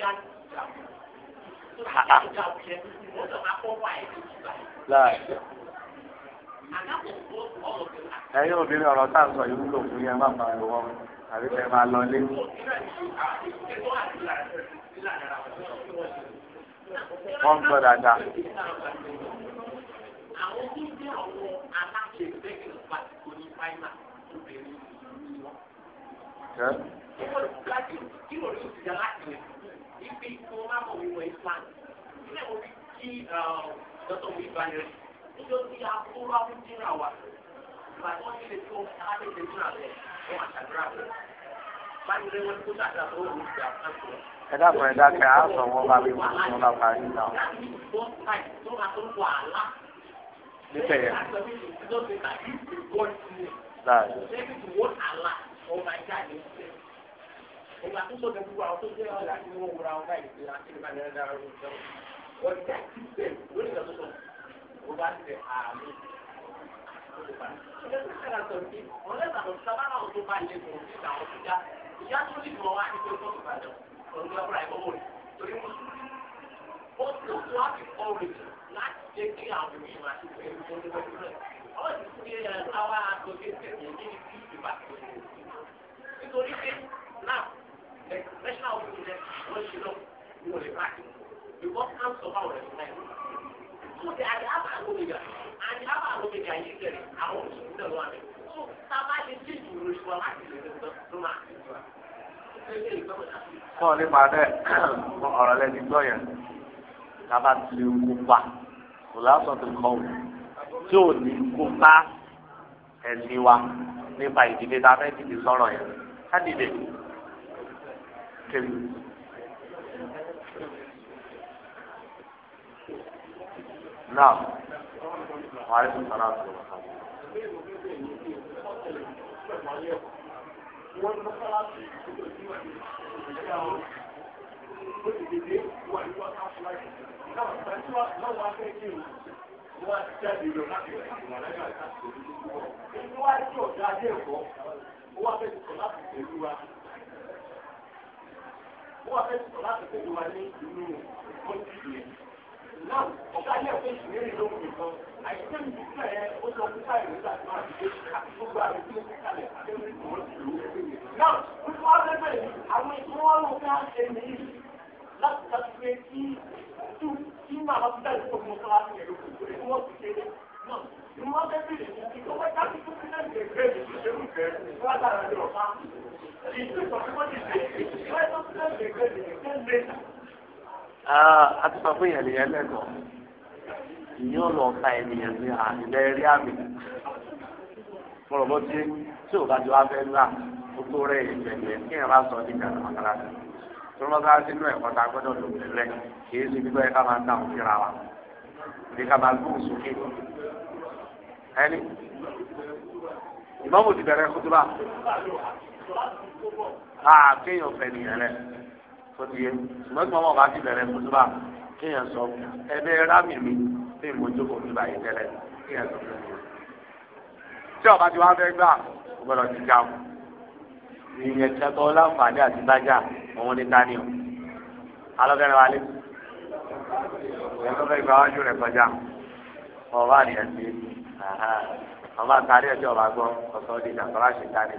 ẹ̀yin obìnrin ọ̀rọ̀ tá à sọ yìí wúlò fún yẹn má pa ẹ̀rọ wọn àbí fẹ́ máa lọ lé. wọ́n gbọ́ dáadáa. àwọn tó jẹ́ àwọn aláṣẹ bẹ́ẹ̀ ló bá ti kó ní fáìmà obìnrin ni wọ́n. kí ló ń kí ló ń gbájú láti rẹ̀ ibi tó máa mọ̀ wíwọ Islam ilé wọn fi kí uh, dọ́tọ̀ wí balẹ̀ níjọ́ tí a kó wá dínà wa ìgbà tí wọ́n ti lè tó káàdé dínà rẹ̀ wọ́n àṣàdúrà rẹ̀ báyìí wọn kó ṣàdúrà tó wọ́n ti àkàtọ̀ ẹ dákun ẹ dákẹ́ á sọ wọn bá mi mú un lọ parí náà. nípa yẹn. láàyè ìgbà tó sọ̀tẹ̀ gbogbo àwọn tó jẹ́ ọ̀la tí wọ́n wura ọ̀la ìgbé àti ìgbà ní ẹ̀dá ọ̀rọ̀ ìjọba wọ́n ti àti bẹ́ẹ̀ lórí ìgbà tó sọ wọ́n bá ti tẹ̀ àmì torí mo sún ó tó tó á fi kọ́ rèé láti jẹ́ kí àwọn èèyàn àti ìgbẹ́ ìgbẹ́ ìgbẹ́ ìgbẹ́ ọ̀ ti fi àwa àtòkè tẹ̀lé ní ìdí ìbàdàn nítorí pé náà expression of willingness when she knows you will impact it. Because hands of our respect. So they are the Alpha and Omega. And the Alpha and Omega is there. I want to tell one thing. So Saba is still to respond actively to the Roma. Sọ nípa bẹ́ẹ̀ mọ ọ̀rọ̀ lẹ́ni gbọ́ yẹn lábá ti lè kópa kò lásán tó kọ́ wò tí ò ní kópa ẹ̀sìn wa nípa ìdílé tá a fẹ́ dìde sọ̀rọ̀ yẹn ká dìde kẹrin. náà wàá rí sùn sára àti ọ̀sán. wọ́n mú sára sí ìgbésí ìgbésí àwọn olùdíje wà ní wọ́n ká fúláì náà pẹ̀lú àwọn akẹ́kẹ́ ìlú wọ́n jáde lọ láti rẹ̀ àwọn ọ̀lẹ́gbẹ̀rẹ̀ láti rẹ̀ lójú wọn. èyí wá jọ̀ dáadé ẹ̀kọ́ wọ́n fẹ́ẹ́ sọ láti pẹ̀lú wa wọ́n fẹ́ sọ láti pẹ̀lú wa ní ìlú kọ́ńtì náà ọ̀gá ilé ẹ̀kọ́ ìṣìlérí lóhùn nìkan àìsí mi fẹ́ ó sọ fún káyọ̀ nígbà tí wọ́n ti dé gbogbo àwọn ìdílé ti kalẹ̀ àdéhùn ìgbìmọ̀ ti náà wípé wọ́n fẹ́ bẹ̀rẹ̀ àwọn ìṣòro wọn ló fẹ́ ṣe ní láti láti pé kí tú kí màmá ti dájú pé tó wọ́n ti àti ah, sọ fún ìyẹn lèyẹn lẹ́kọ̀ọ́ ìyẹn ò lọ ka ènìyàn ní àtìlẹ́ rí àmì mọ̀lọ́bọ́ tí tí ò bá ti wá fẹ́ náà ó tó rẹ̀ ìgbẹ̀lẹ̀ kí ẹ̀ bá sọ ní ìjà àwọn ará rẹ̀ tó lọ́ bá sínú ẹ̀kọ́ tá a gbọ́dọ̀ lò tẹ́lẹ̀ kì í ṣe bí bẹ́ẹ̀ máa ń dáhùn síra wa kì ká máa gbóhùn sókè ẹni ìmọ̀mù ti bẹ̀rẹ̀ kútu aa ah, kéèyàn fẹ́ nìyẹn rẹ tó ti yẹ ṣùgbọ́n tí bá ti bẹ̀rẹ̀ mú túbà kéèyàn sọ ẹbẹ rámì mi ní ìmójókòó nígbà yìí tẹ́lẹ̀ kéèyàn sọ fún mi. tí ọba ti wá fẹ́ gbà ó gbọ́dọ̀ ti jà mọ́ ìyẹn kẹtọ́ láǹfààní àti bájà òun ní dání o alọ́fẹ́rẹ́ wa lé ẹ̀kọ́ fẹ́ gba wájú rẹ̀ kọjá ọba àdìyẹ ti ọba àtàrí ẹ̀ tí ọba gbọ́ ọ̀sán ọdún ìjà kọ́lá dání.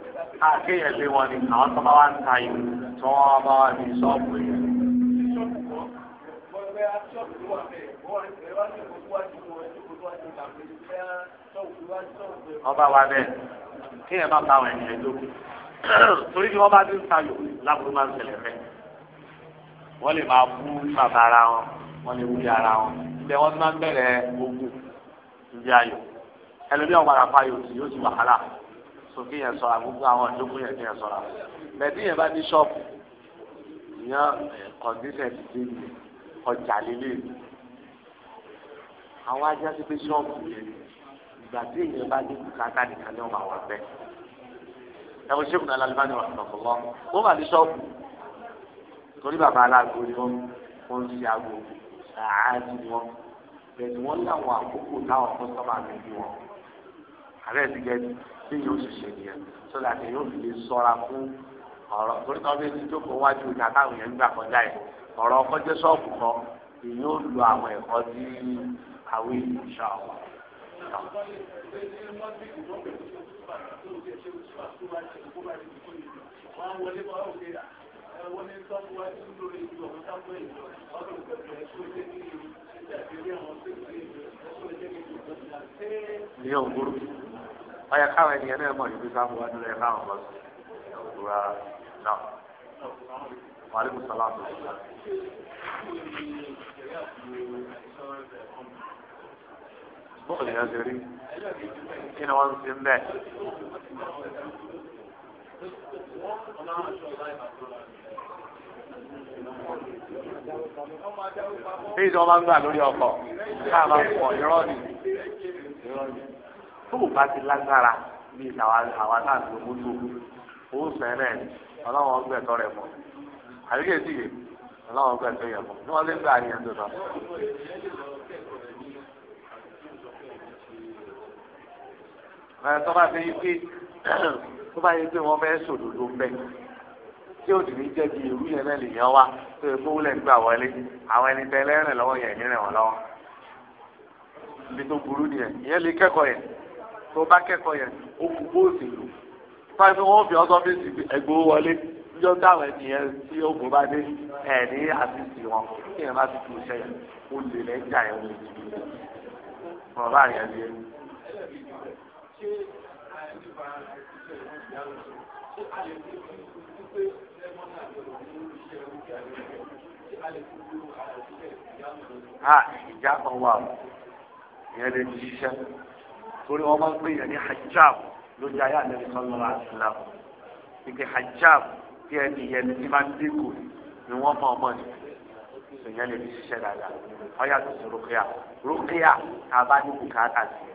àkéyàn ọba wa bẹ́ẹ̀ kéèyàn má bá àwọn ènìyàn jókòó torí bí wọ́n bá ti ń tayò láburú máa ń ṣẹlẹ̀ fẹ́ wọ́n lè máa bú bàbá ara wọn wọ́n lè wúyà ara wọn ibẹ̀ wọ́n ti máa ń bẹ̀rẹ̀ ogun ìdí ayò ẹlòmíràn padà fayò sí yóò ti wàhálà so kí yẹn sọra gbogbo àwọn ìjókòó yẹn kí yẹn sọra bẹ́ẹ̀ni yẹn bá ní ṣọ́ọ̀bù ìyẹn kọndíṣẹ eh, ti dé ní ọjà líle àwọn ajá ti pé ṣọ́ọ̀bù yẹn ìgbà tí èèyàn bá dé bùkátà nìkan ní ọmọ àwọn abẹ ẹ̀wọ̀n ṣé kùnà alálùbá ni wà lọkọ lọ wọn bá ní ṣọ́ọ̀bù torí bàbá aláàgbò ni wọn wọn ń ṣe àgbo àájú ni wọn bẹ́ẹ̀ni wọn láwọn àkókò táwọn fún sọmọ bí yóò ṣe ṣe nìyẹn tó dàtí yóò fi lè sọra fún ọ̀rọ̀ torí kan bí ti jókòó wájú ìta táwọn yẹn ń gbà kọjá yìí ọ̀rọ̀ ọkọjẹ́ ṣọ́ọ̀bù kan èyí ó lo àwọn ẹ̀kọ́ tí àwọn èèyàn ṣá ọ. Ní ọyẹ káwọn ènìyàn náà mọ̀ níbi sáfù wá nílẹ̀ káwọn bọ̀ sí ìwúra náà. Maaleykum salaam wa rahmatulah. Bókè ni rí? Kí ni wọ́n ń sin bẹ́ẹ̀? Bí ìjọba ń gbà lórí ọkọ̀, káà ń pọ̀ ìrọ́ ni tó bá ti lágbára bí àwa náà ló mú tó o sẹ́rẹ̀ ọlọ́wọ́n gbẹ̀tọ́ rẹ̀ mọ́ àríkè sí yìí ọlọ́wọ́n gbẹ̀tọ́ yẹ̀ mọ́ ní wọ́n lé gbà yẹn tó tọ́. ẹ tó bá fi yí pé tó bá yí pé wọ́n fẹ́ sòdòdó ń bẹ̀ tí o sì jẹ́ bí irú yẹn náà lèèyàn wá tó o kó lẹ́nu gbà wọlé àwọn ẹni tẹ́lẹ̀ rìn lọ́wọ́ yẹn ní rìn lọ́wọ́ ibi tó burú nìyẹn ìyẹn lè kẹ́kọ̀ọ́ yẹn tó bá kẹ́kọ̀ọ́ yẹn ó kú bó òṣèlú fáwọn tí wọ́n fi ọ́ sọ́fíìsì ẹgbẹ́ owó wọlé níjọ́ táwọn ènìyàn tí ogun bá dé ẹ̀ ní àfíìsì wọn kí ẹ̀ má fi kú iṣẹ́ yẹn ó lè lẹ́jà ẹ̀ wọ́n ọ̀rọ̀ bá yẹn lé. Ha ah, ìjà kan wà ìyẹn lè ti ṣiṣẹ́ torí wọn máa ń pè yàn ní hajjab lójú ayé àlẹ́ sọ́lọ́lá islam ìpè hajjab tí ẹ ní yẹn tí máa ń dínkù ni wọ́n mọ̀ ọmọ ni ìyẹn lè fi ṣiṣẹ́ dáadáa ọ̀yà tó ti rúkìá rúkìá tá a bá ní bùkátà sí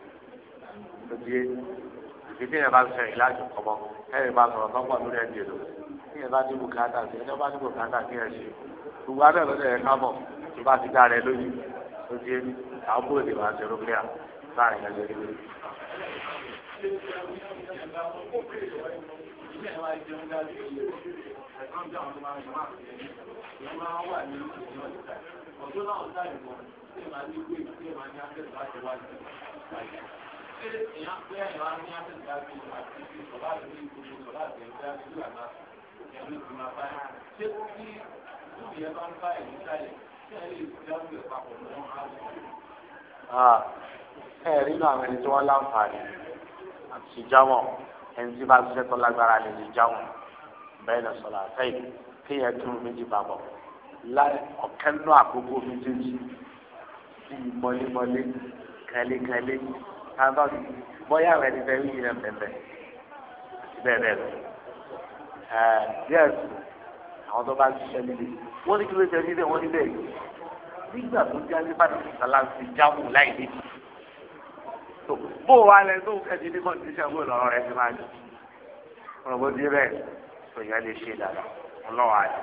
lójú ìdí yẹn bá ń fẹ́ ìlàjò kọ́mọ ẹ̀rì bá sọ̀rọ̀ tọ́pọ̀ lórí ẹ̀dì èlò tí yẹn bá ní bùkátà sí ẹjọ́ bá ní bùkátà kí ẹ gbogbo abẹ́rẹ́ lọ́dẹ̀ kámọ̀ tó bá ti dá rẹ lójú lójú àbúrò lè máa ṣe rúkìá láàrin ẹgbẹ́ rẹ̀. Ṣé kí ìyẹn bá ń bá ẹ̀mí sálẹ̀? Ṣé ẹ lè dáwọ́ ìpapọ̀ mọ́ àwọn àwọn? ẹ rí nínú àwọn ẹni tí wọ́n láǹfààní àti ṣìjámọ̀ ẹni tí bá ṣiṣẹ́ tó lágbára lè ṣìjámọ̀ bẹ́ẹ̀ lọ sọ̀rọ̀ àtẹ́yìn kéèyàn tún méjì papọ̀ láì ọ̀kẹ́ nínú àkókò méjèèjì bíi mọ́lémọ́lé kẹ́lékẹ́lé tábà bọ́yá rẹ̀ ti fẹ́ rí yẹn bẹ̀bẹ̀ bẹ́ẹ̀ bẹ́ẹ̀ lọ. díẹ̀ sùn àwọn tó bá ṣiṣẹ́ níbi wọ́n ní kí ló ṣe nígbà tó jẹ́ alẹ́bàdàn sàlá ti jáwó láì ní. bó o wá lẹ tó ń kẹ́sì ní kọ́ńtíṣàn bó lọ́rọ̀ rẹ ti máa jù. ọ̀rọ̀ bí bẹ́ẹ̀ tó yẹ lè ṣe dára ọlọ́wàá rẹ̀.